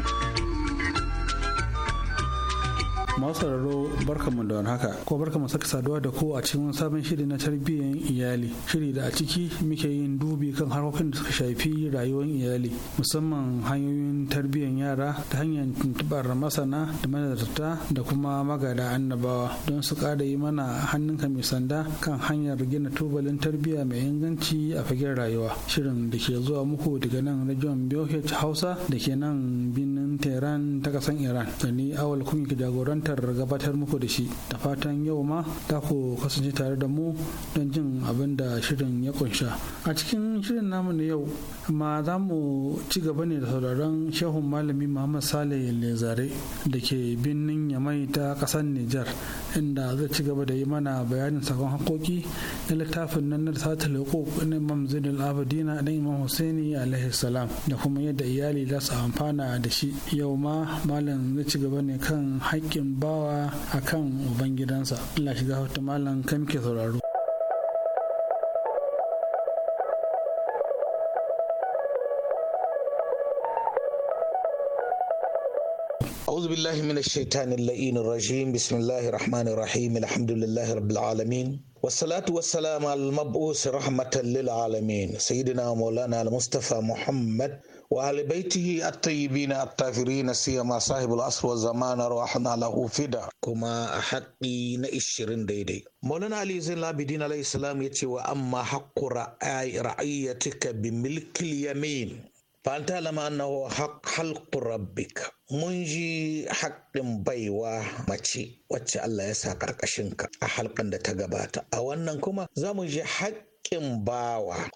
masu barka mu da haka ko barka mu saka saduwa da ko a cikin sabon shiri na tarbiyyar iyali shiri da a ciki muke yin dubi kan harkokin da suka shafi rayuwar iyali musamman hanyoyin tarbiyyar yara ta hanyar tuntubar masana da manazarta da kuma magada annabawa don su kada yi mana hannun ka mai sanda kan hanyar gina tubalin tarbiyya mai inganci a fagen rayuwa shirin da ke zuwa muku daga nan rajon BOH Hausa da ke nan birnin Tehran ta kasan Iran da ni awal kun jagoranta fahimtar gabatar muku da shi da fatan yau ma za ku kasance tare da mu don jin abin da shirin ya kunsha a cikin shirin namu na yau ma za mu ci gaba ne da sauraron shehun malami muhammad saleh lezare da ke birnin yamai ta kasar nijar inda zai ci gaba da yi mana bayanin sakon hakoki na littafin nan na sata hukuk na imam zinul abidina na imam husaini alaihi salam da kuma yadda iyali za su amfana da shi yau ma malam zai ci gaba ne kan haƙƙin bawa akan ubangidansa Allah shiga hoton malam kai muke sauraro أعوذ بالله من الشيطان اللئين الرجيم بسم الله الرحمن الرحيم الحمد لله رب العالمين والصلاة والسلام على المبعوث رحمة للعالمين سيدنا مولانا المصطفى محمد Walibaitihi atayi biyu na tafiri na siya ma sahibin asubar zamanar waɗannan al'ufin da. Kuma a hakki na ishirin daidai. Maulana Ali zai laba idan alayyi Islam ya ce wa amma haƙu ra'ayya kabi milki yamin. Fanta dama nawa haƙurabin? Mun ji haƙin baiwa mace wacce Allah ya sa ƙarƙashin ka. A haƙar da ta gabata a wannan kuma za mu ji haƙin bawa.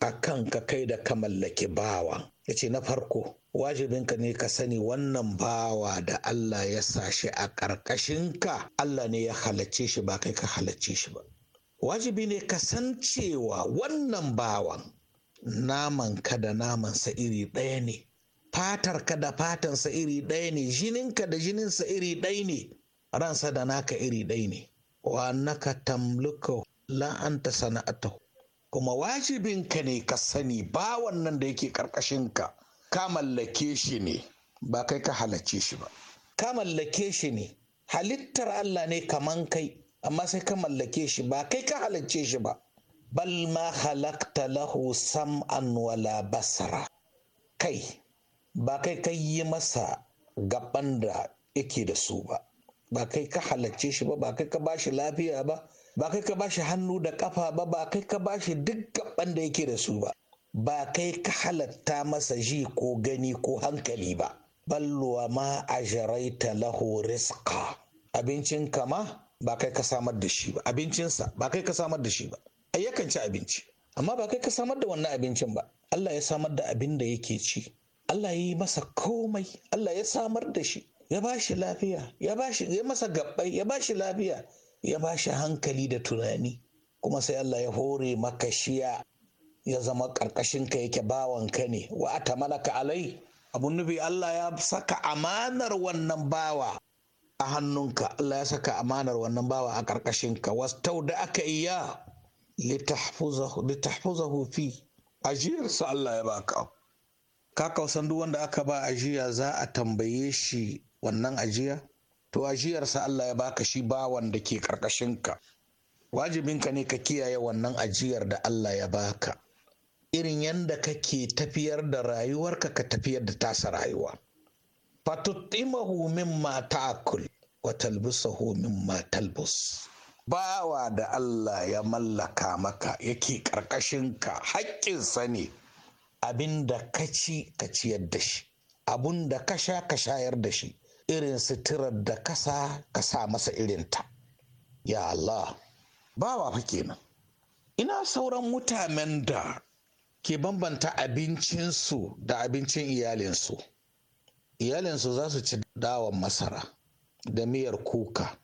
a kan ka kai da ka mallaki bawa ya ce na farko wajibinka ne ka sani wannan bawa da Allah ya sa shi a ƙarƙashinka Allah ne ya halacce shi ba kai ka halacce shi ba wajibi ne ka san cewa wannan bawan naman ka da namansa iri ɗaya ne fatarka da fatansa iri ɗaya ne jininka da jininsa iri ɗaya ne ransa da naka iri ɗaya ne wa naka tamluka la'anta sana'atahu kuma wajibinka ne ka sani ba wannan da yake ƙarƙashinka ka mallake shi ne ba kai ka halacce shi ba ka mallake shi ne halittar Allah ne kaman kai amma sai ka mallake shi ba kai ka halacce shi ba bal ma halakta lahu sam'an wala basara kai ba kai ka yi masa gaban da yake da su ba ba kai ka halacce shi ba ba kai ka bashi lafiya ba ba kai ka bashi hannu da kafa ba ba kai ka bashi duk gaban da yake da su ba ba kai ka halatta masa ji ko gani ko hankali ba balluwa ma ajaraita lahu rizqa abincin kama ba kai ka samar da shi ba abincinsa ba kai ka samar da shi ba ai yakan ci abinci amma ba kai ka samar da wannan abincin ba Allah ya samar da abin da yake ci Allah ya yi masa komai Allah ya samar da shi ya ba shi lafiya ya ba shi ya masa gabbai ya ba shi lafiya ya ba shi hankali da tunani kuma sai Allah ya hore maka shiya ya zama ƙarƙashinka yake bawanka ne wa ata malaka alai abun nufi Allah ya saka amanar wannan bawa a hannunka Allah ya saka amanar wannan bawa a ƙarƙashinka wastau da aka iya litahfuzahu fi ajiyarsa Allah ya baka ka kausan duk wanda aka ba ajiya za a tambaye shi wannan ajiya to ajiyarsa Allah ya baka shi bawan da ke karkashinka wajibinka ne ka kiyaye wannan ajiyar da Allah ya baka irin yadda kake tafiyar da rayuwarka ka tafiyar da tasa rayuwa fatuttimahu mimma ta'kul wa homin mimma talbus bawa da Allah ya mallaka maka yake karkashinka haƙƙinsa ne abin da ka ci ka ciyar da shi abin da ka sha ka shayar da shi irin suturar da kasa ka sa masa irinta ya Allah bawa fa kenan ina sauran mutanen da ke bambanta abincinsu da abincin iyalinsu iyalinsu za su ci dawan masara da miyar kuka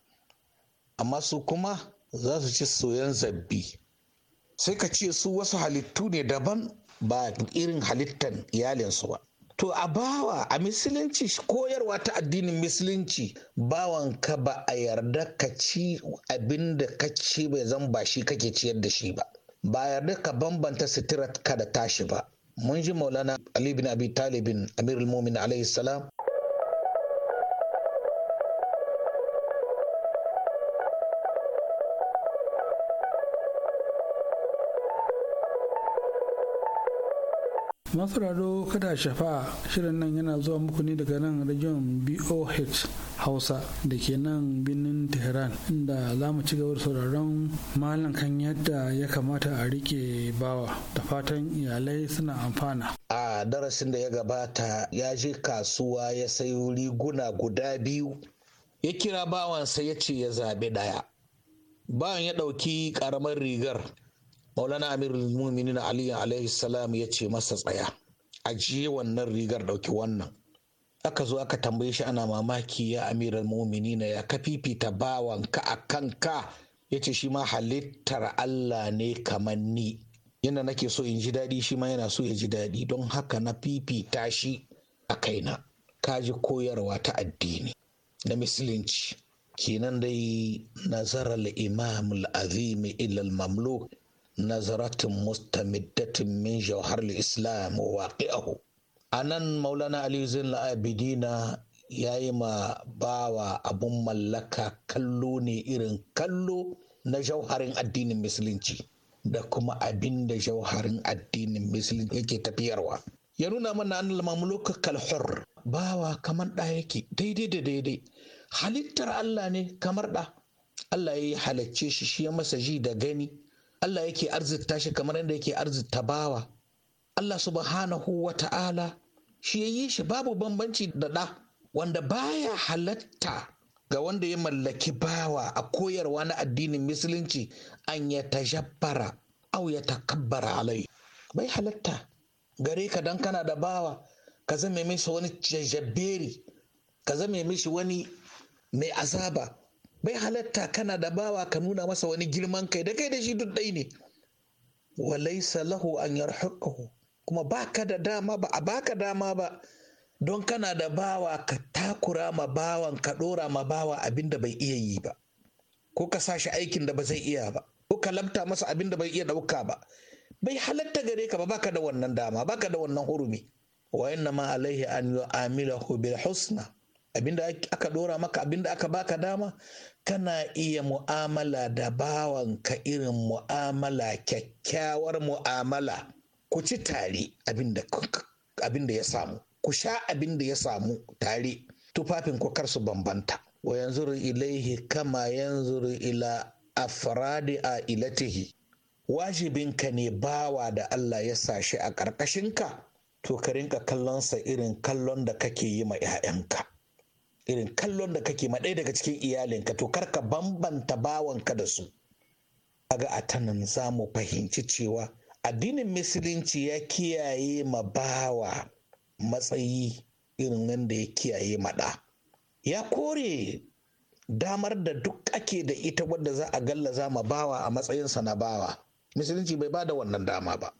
amma su kuma za su ci soyan zabbi sai ka ce su wasu halittu ne daban ba irin halittan iyalinsu ba to a bawa a musulunci koyarwa ta addinin musulunci bawan ka ba a yarda ka ci abin da ka ci bai zan ba shi kake ciyar da shi ba ba a yarda ka bambanta sutura ka da tashi ba mun ji maulana ali bin abi talibin amirul mumin alaihi salam masu kada shafa shirin nan yana zuwa muku ne daga nan rajon boh hausa da ke nan birnin tehran inda za mu ci gaba da sauraron malam kan yadda ya kamata a rike bawa da fatan iyalai suna amfana a darasin da ya gabata ya je kasuwa ya sayo riguna guda biyu ya kira bawansa ya ce ya zaɓi ɗaya bawan ya ɗauki ƙaramar rigar maulana amirul muminin ali alaihi salam ya ce masa tsaya ajiye wannan rigar dauki wannan aka zo aka tambaye shi ana mamaki ya amiral na ya ka fifita bawanka a ka? ya ce shi ma halittar allah ne kamar ni yana nake so in ji daɗi shi ma yana so ya ji daɗi don haka na fifita shi a kaina ka ji koyarwa ta addini na musulunci kenan dai nazarar imam al-azimi ilal mamluk نظرات mustamiddatin min جوهر islam wa أنا anan maulana ali العابدين abidina ya yi ma bawa abun mallaka kallo ne irin kallo na addinin musulunci da kuma abin da jauharin addinin musulunci yake tafiyarwa ya nuna mana an mamluka kalhur bawa kamar ɗa yake daidai da daidai halittar Allah ne kamar ɗa Allah ya halacce shi shi ya masa ji da gani Allah yake arzikta shi kamar yadda yake arzikta bawa Allah subhanahu wa ta'ala shi ya yi shi babu bambanci da ɗa wanda baya halatta ga wanda ya mallaki bawa a koyarwa na addinin musulunci an ya tajabbara au ya takabbara alai bai halatta gare ka don kana da bawa ka zame mishi wani jajjaberi ka zame mishi wani mai azaba bai halatta kana da bawa ka nuna masa wani girman kai da kai da shi duk ɗai ne walaisa lahu an yarhuqahu kuma baka da dama ba a baka dama ba don kana da bawa ka takura ma bawan ka ɗora ma bawa abin bai iya yi ba ko ka sashi aikin da ba zai iya ba ko ka labta masa abin bai iya ɗauka ba bai halatta gare ka ba baka da wannan dama baka da wannan hurumi wa inna ma alaihi an yu'amilahu bil husna abinda aka dora maka abinda aka baka dama kana iya mu'amala da bawanka irin mu'amala kyakkyawar mu'amala ku ci tare abin da ya samu ku sha abin da ya samu tare tufafin ku kar su bambanta wa yanzu ilaihi kama yanzu ila afradi a ilatihi wajibinka ne bawa da Allah ya sa shi a ƙarƙashinka to ka rinka kallonsa irin kallon da kake yi ma 'ya'yanka irin kallon da kake ma ɗaya daga cikin iyalinka to kar ka bambanta bawanka da su aga a tanan za mu fahimci cewa addinin musulunci ya kiyaye ma bawa matsayi irin wanda ya kiyaye maɗa ya kore damar da duk ake da ita wadda za a gallaza ma bawa a matsayinsa na bawa musulunci bai ba da wannan dama ba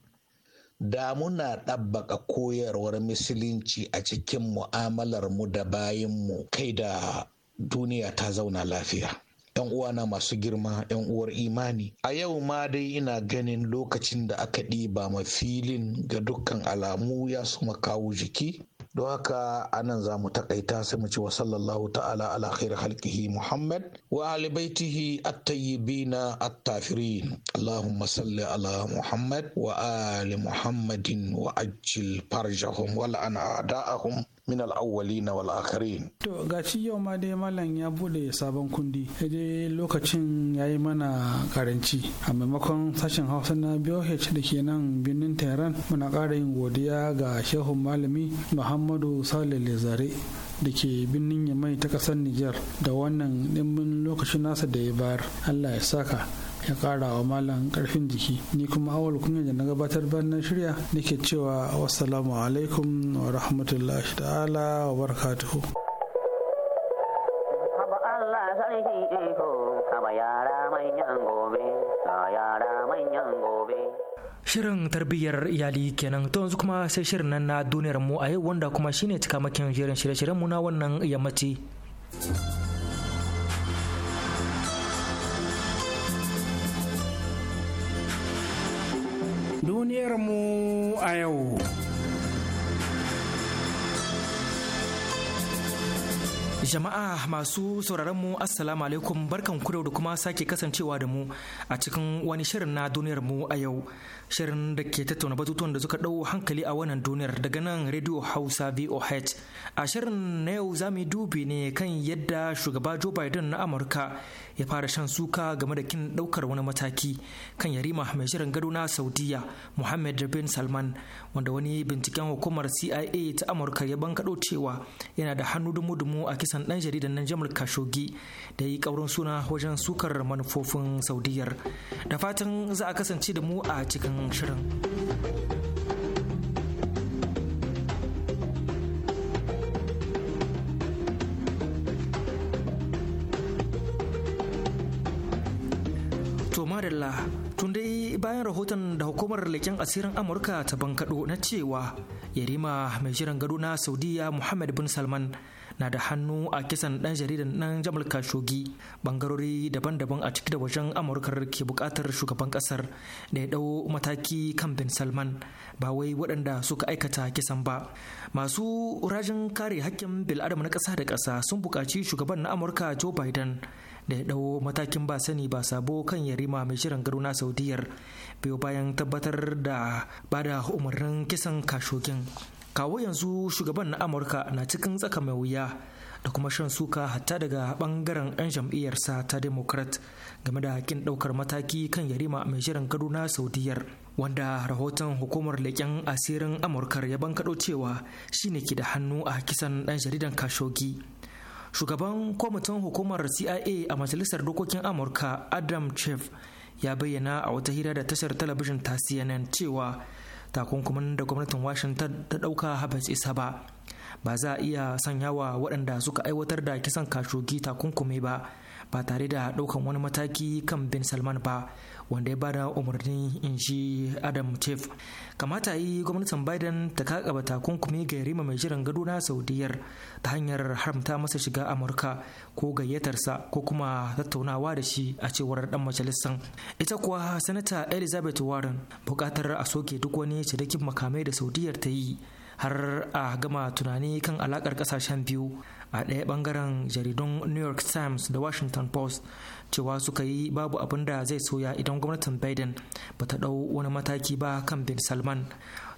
da muna ɗabbaka koyarwar musulunci a cikin mu'amalar mu da bayan mu. kai da duniya ta zauna lafiya. 'yan uwana masu girma 'yan uwar imani a yau ma dai ina ganin lokacin da aka ɗiba ma filin ga dukkan alamu ya suma kawo jiki don haka anan za mu takaita sai mu ci wa sallallahu ta'ala ala khair halkihi muhammad wa ali baitihi at-tayyibina at-tafirin allahumma salli ala muhammad wa ali muhammadin wa ajil farjahum wal an a'da'ahum min al'awwali na wal'akari. To gashi yau ma dai malam ya bude sabon kundi ya dai lokacin ya yi mana karanci a maimakon sashen hausa na BOH da ke nan birnin Tehran muna ƙara yin godiya ga shehun malami Muhammadu Salih Lezare da ke birnin Yamai ta ƙasar Nijar da wannan ɗimbin lokacin nasa da ya bayar Allah ya saka. ya kara wa malam karfin jiki ni kuma awal kunya da na gabatar bayan shirya nake cewa wassalamu alaikum wa rahmatullahi ta'ala wa barakatuhu Shirin tarbiyyar iyali kenan to yanzu kuma sai shirin nan na duniyar mu a yau wanda kuma shine cikamakin shirin shirye-shiryen mu na wannan yammaci. duniyarmu a yau. Jama'a masu sauraron mu Assalamu alaikum barkan kudu da kuma sake kasancewa da mu a cikin wani shirin na duniyar a yau. shirin da ke tattauna batutuwan da suka ɗau hankali a wannan duniyar daga nan Radio Hausa VOH. A shirin na yau za mu dubi ne kan yadda shugaba Joe Biden na Amurka ya fara shan suka game da kin ɗaukar wani mataki kan yarima mai shirin gado na Saudiya Muhammad bin Salman wanda wani binciken hukumar CIA ta Amurka ya bankaɗo cewa yana da hannu dumu-dumu a kisan dan jaridan nan Jamal kashogi da yi kaurin suna wajen sukar manufofin Saudiyar. Da fatan za a kasance da mu a cikin cikin shirin to tun dai bayan rahoton da hukumar leken asirin amurka ta bankaɗo na cewa yarima mai jiran gado na saudiya muhammad bin salman na da hannu a kisan ɗan jaridan ɗan jamal kashogi bangarori daban-daban a ciki da wajen amurkar ke bukatar shugaban ƙasar da ya ɗau mataki kan bin salman ba wai waɗanda suka aikata kisan ba masu rajin kare hakkin bil'adama na ƙasa da ƙasa sun buƙaci shugaban na amurka joe biden da ya ɗau matakin ba sani ba sabo kan yarima mai shirin gado na saudiyar biyo bayan tabbatar da bada umarnin kisan kashogin kawo yanzu shugaban na amurka na cikin tsaka mai wuya da kuma shan suka hatta daga bangaren 'yan jam'iyyarsa ta democrat game da hakin daukar mataki kan yarima mai shirin kaduna saudiyar wanda rahoton hukumar leƙen asirin amurkar ya bankaɗo cewa shine ke da hannu a kisan ɗan jaridan kashogi shugaban kwamitin hukumar cia a majalisar dokokin amurka adam chef ya bayyana a wata hira da tashar talabijin ta cnn cewa takunkumin da gwamnatin washington ta dauka habas isa ba ba za a iya sanyawa waɗanda suka aiwatar da kisan kashogi takunkumi ba ba tare da ɗaukan wani mataki kan bin salman ba wanda ya bada umarni in shi adam tef kamata yi gwamnatin biden ta kakaba takunkumi ga yarima mai jiran gado na saudiyar ta hanyar haramta masa shiga amurka ko gayyatarsa ko kuma tattaunawa da shi a cewar dan majalisar ita kuwa sanata elizabeth warren bukatar a soke duk wani cinikin makamai da saudiyar ta yi har a gama tunani kan alakar kasashen biyu a ɗaya bangaren jaridun new york times da washington post cewa suka yi babu abin da zai soya idan gwamnatin biden ba ta ɗau wani mataki ba kan bin salman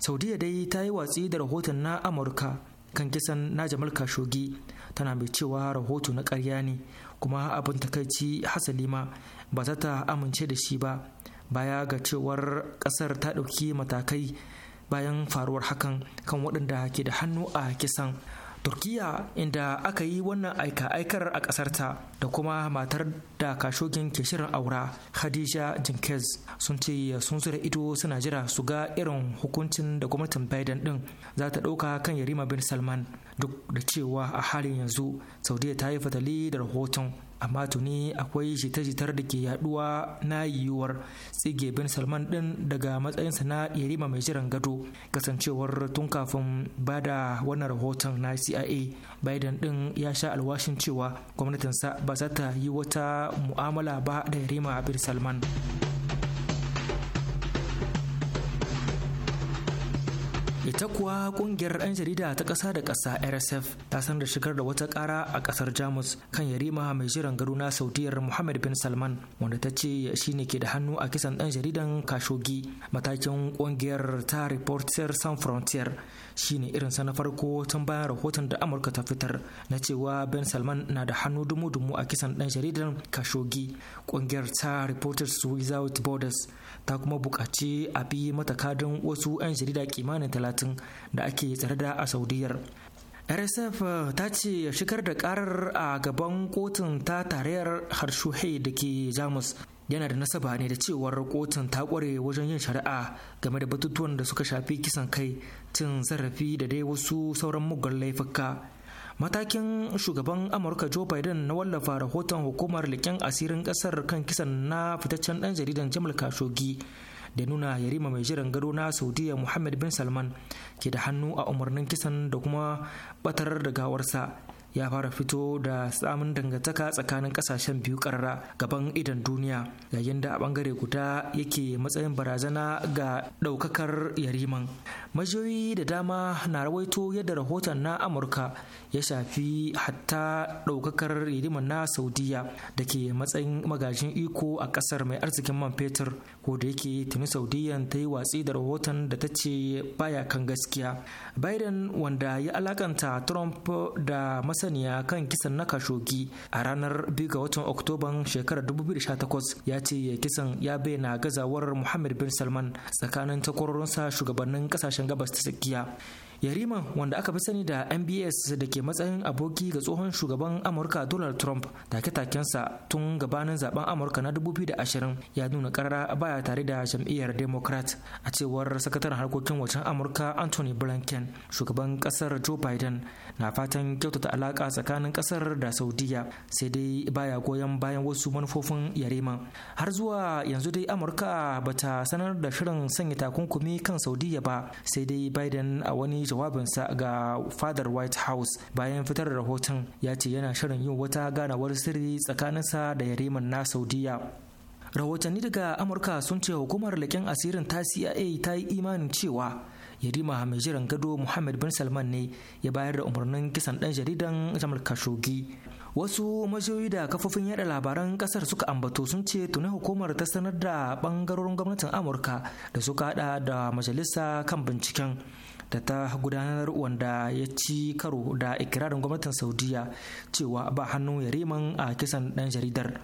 saudiya dai ta yi watsi da rahoton na amurka kan kisan na jamal khashoggi tana mai cewa rahoto na karya ne kuma abin takaici hasali ma ba za ta amince da shi ba baya ga cewar ƙasar ta ɗauki matakai bayan faruwar hakan kan waɗanda ke da hannu a kisan turkiya inda aka yi wannan aika-aikar a ƙasarta da kuma matar da kashogin ke shirin aura khadija jinkez sun ce sun zura ido suna jira su ga irin hukuncin da gwamnatin biden din za ta ɗauka kan yarima bin salman duk da cewa a halin yanzu saudiya ta yi fatali da rahoton amma tuni akwai jita-jitar da ke yaduwa na yiwuwar tsige bin salman din daga matsayinsa na yarima mai jiran gado kasancewar tun kafin ba da wannan rahoton na cia biden din ya sha alwashin cewa gwamnatinsa ba za ta yi wata mu'amala ba da yarima bin salman ita kuwa kungiyar 'yan jarida ta ƙasa da ƙasa rsf ta sanar da shigar da wata ƙara a ƙasar jamus kan yarima mai jiran gado na saudiyar muhammad bin salman wanda ta ce shi ne ke da hannu a kisan ɗan jaridan kashogi matakin kungiyar ta reporter sans frontier shine sa na farko tun bayan rahoton da amurka ta fitar na cewa ben salman na da hannu dumu-dumu a kisan dan jaridar kashogi kungiyar ta reporters without borders ta kuma bukaci a bi mata kadin wasu 'yan jarida kimanin talatin da ake tsare da a saudiyar rsf eh, ta ce shigar da karar a gaban kotun ta tarayyar harshuhe da ke jamus yana da nasaba ne da cewar kotun ta kware wajen yin shari'a game da batutuwan da suka shafi kisan kai cin zarafi da dai wasu sauran mugan laifuka matakin shugaban amurka joe biden na wallafa rahoton hukumar leƙen asirin ƙasar kan kisan na fitaccen ɗan jaridan jamal khashoggi da nuna yarima mai jiran gado na saudiya muhammad bin salman ke da hannu a umarnin kisan da kuma batar da gawarsa ya fara fito da samun dangantaka tsakanin kasashen biyu karara gaban idan duniya yayin da a bangare guda yake matsayin barazana ga daukakar yariman majiyoyi da dama na rawaito yadda rahoton na amurka ya shafi hatta daukakar yariman na saudiya da ke matsayin magajin iko a kasar mai arzikin man fetur ko da yake tuni saudiyan ta yi watsi da rahoton da ta ce baya kan gaskiya biden wanda ya alakanta trump da masa masaniya kan kisan na kashogi a ranar 2 ga watan oktoban shekarar 2018 ya ce ya kisan ya bayyana gazawar muhammad bin salman tsakanin takwarorinsa shugabannin kasashen gabas ta tsakiya Yarima wanda aka fi sani da MBS da ke matsayin aboki ga tsohon shugaban Amurka Donald Trump take-takensa tun gabanin zaben Amurka na 2020 ya nuna karara baya tare da jam'iyyar Democrat a cewar sakataren harkokin wajen Amurka Anthony Blinken shugaban kasar Joe Biden na fatan kyautata alaka tsakanin kasar da saudiya sai dai baya goyon bayan wasu manufofin yareman. har zuwa yanzu dai amurka ba ta sanar da shirin sanya takunkumi kan saudiya ba sai dai biden a wani jawabinsa ga fadar white house bayan fitar rahoton ya ce yana shirin yin wata ganawar sirri tsakaninsa da yareman na saudiya rahotanni daga amurka sun ce hukumar leƙen asirin ta cia ta yi imanin cewa yarima mai jiran gado muhammad bin salman ne ya bayar da umarnin kisan dan jaridan jamal kashogi wasu majiyoyi da kafofin yada labaran kasar suka ambato sun ce tuni hukumar ta sanar da bangarorin gwamnatin amurka da suka hada da majalisa kan binciken da ta gudanar wanda ya ci karo da ikirarin gwamnatin saudiya cewa ba hannun yariman a kisan dan jaridar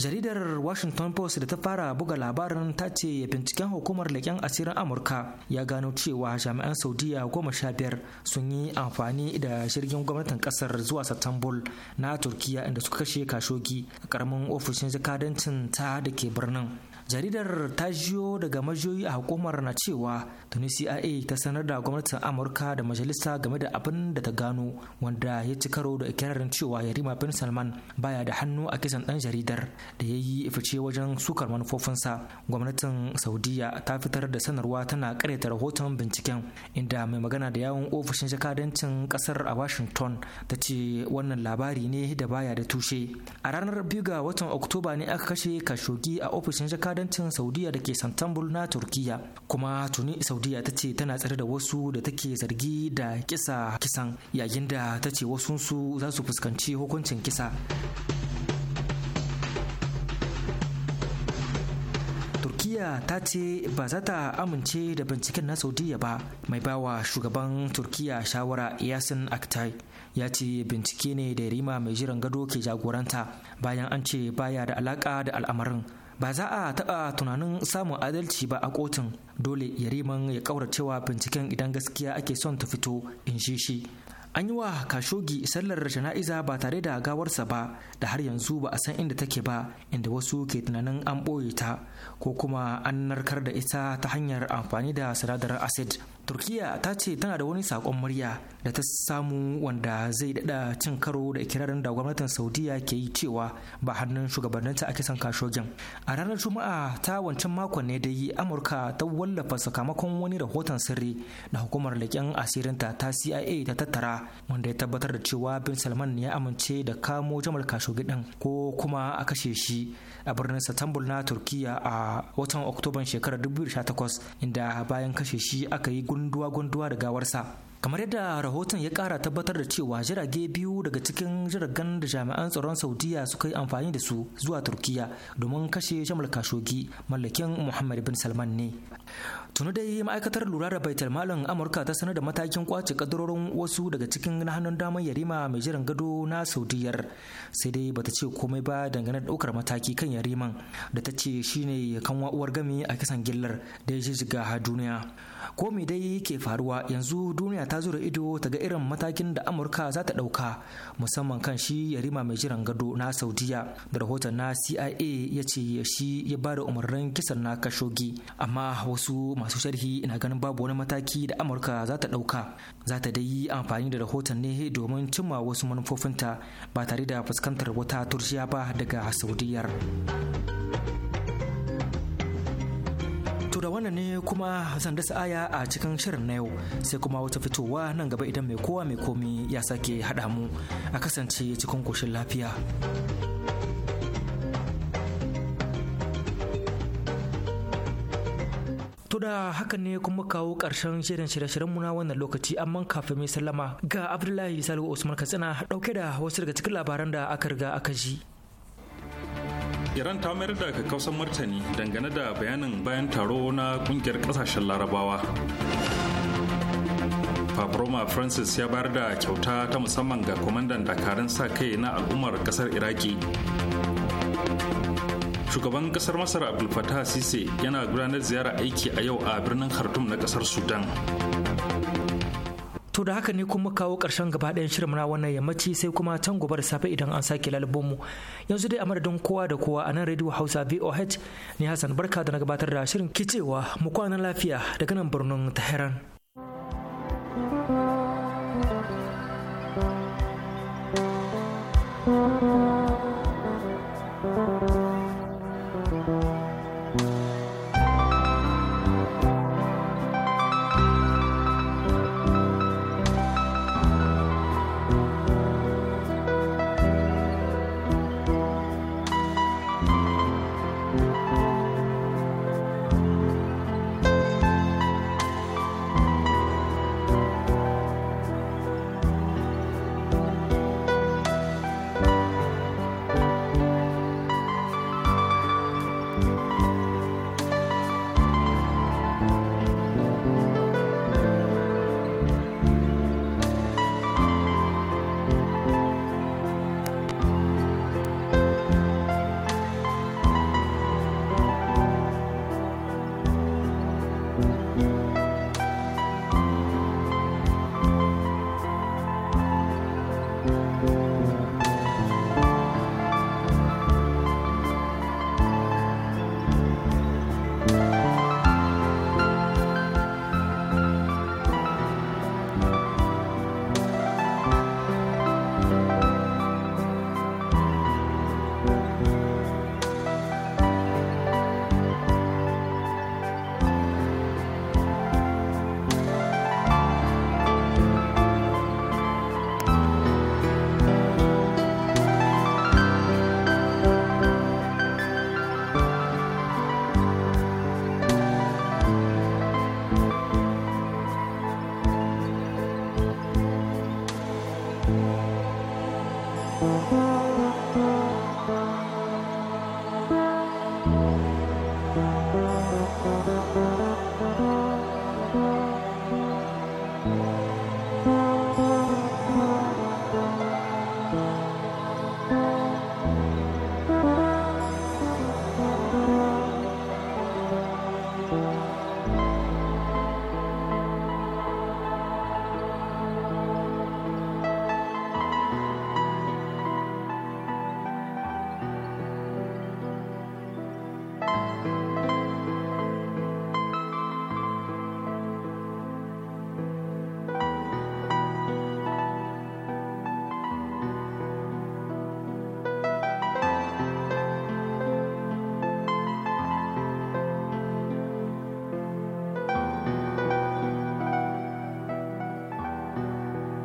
jaridar washington post da ta fara buga labarin ta ce binciken hukumar leƙen asirin amurka ya gano cewa jami'an saudiya goma sha biyar sun yi amfani da jirgin gwamnatin kasar zuwa satambul na turkiya inda suka kashe kashogi a karamin ofishin jakadancin ta da ke birnin jaridar ta jiyo daga majiyoyi a hukumar na cewa tuni cia ta sanar da gwamnatin amurka da majalisa game da abin da ta gano wanda ya ci karo da ikirarin cewa yarima bin salman baya da hannu a kisan dan jaridar da ya yi fice wajen sukar manufofinsa gwamnatin saudiya ta fitar da sanarwa tana karyata rahoton binciken inda mai magana da yawon ofishin jakadancin kasar a washington ta ce wannan labari ne da baya da tushe a ranar biyu ga watan oktoba ne aka kashe kashogi a ofishin jakadancin jakadancin saudiya da ke santambul na turkiya kuma tuni saudiya ta ce tana tsare da wasu da take zargi da kisa kisan yayin da ta ce su za su fuskanci hukuncin kisa turkiya ta ce ba za ta amince da binciken na saudiya ba mai bawa shugaban turkiya shawara yasin aktai ya ce bincike ne da rima mai jiran gado ke jagoranta bayan an ce baya da alaka da al'amarin ba za a taɓa tunanin samun adalci ba a kotun dole yariman ya ƙauracewa binciken idan gaskiya ake son ta fito in shi shi an yi wa kashogi sallar jana'iza ba tare da gawarsa ba da har yanzu ba a san inda take ba inda wasu ke tunanin an ɓoye ta ko kuma an narkar da ita ta hanyar amfani da sinadarin acid turkiya ta ce tana da wani saƙon murya da ta samu wanda zai dada cin karo da ikirarin da gwamnatin saudiya ke yi cewa ba hannun shugabanninta ake son kashogin. a ranar juma'a ta wancan makon ne dai amurka ta wallafa sakamakon wani rahoton sirri da hukumar leƙen asirinta ta cia ta tattara wanda ya tabbatar da cewa bin salman ya amince da kamo jamal kashogin din ko kuma a kashe shi a birnin satambul na turkiya a watan oktoban shekarar 2018 inda bayan kashe shi aka yi gunduwa-gunduwa da gawarsa kamar yadda rahoton ya kara tabbatar da cewa jirage biyu daga cikin jiragen da jami'an tsaron saudiya suka yi amfani da su zuwa turkiya domin kashe jamal kashogi mallakin muhammad bin salman ne tuni dai ma'aikatar lura da baitar malin amurka ta sanar da matakin kwace kadarorin wasu daga cikin na hannun damar yarima mai jiran gado na saudiyar sai dai bata ce komai ba dangane da ɗaukar mataki kan yariman da ta ce shine kanwa uwar gami a kisan gillar da ya shiga duniya ko dai ke faruwa yanzu duniya ta zura ido ta ga irin matakin da amurka za ta ɗauka musamman kan shi yarima mai jiran gado na saudiya da rahoton na cia ya ce shi ya ba da umarnin kisan na kashogi amma wasu masu sharhi na ganin babu wani mataki da amurka za ta ɗauka za ta dai yi amfani da rahoton ne domin cimma wasu manufofinta ba tare da fuskantar wata turciya ba daga saudiyar wannan ne kuma zan dasa aya a cikin shirin na yau sai kuma wata fitowa nan gaba idan mai kowa mai komi ya sake haɗa mu a kasance cikin koshin lafiya. To da haka ne kuma kawo ƙarshen shirin shirye-shiryenmu na wannan lokaci amma kafin mai sallama ga Abdullahi Salihu Usman Katsina ɗauke da wasu daga cikin labaran da aka riga aka ji. iran ta mayar da kakkausan martani dangane da bayanin bayan taro na kungiyar kasashen larabawa Fabroma Francis ya bayar da kyauta ta musamman ga kwamandan dakarun sa kai na al'ummar kasar Iraki. Shugaban kasar Masar Abdul Fattah Sise yana gudanar ziyara aiki a yau a birnin Khartoum na kasar Sudan. To da haka ne kuma kawo ƙarshen gaba ɗayan shirin na wannan yammaci sai kuma can gobe da safe idan an sake mu Yanzu dai a madadin kowa da kowa a nan rediyo Hausa VOH ne Hassan Barka da na gabatar da shirin kicewa mu kwana lafiya daga nan birnin Tehran.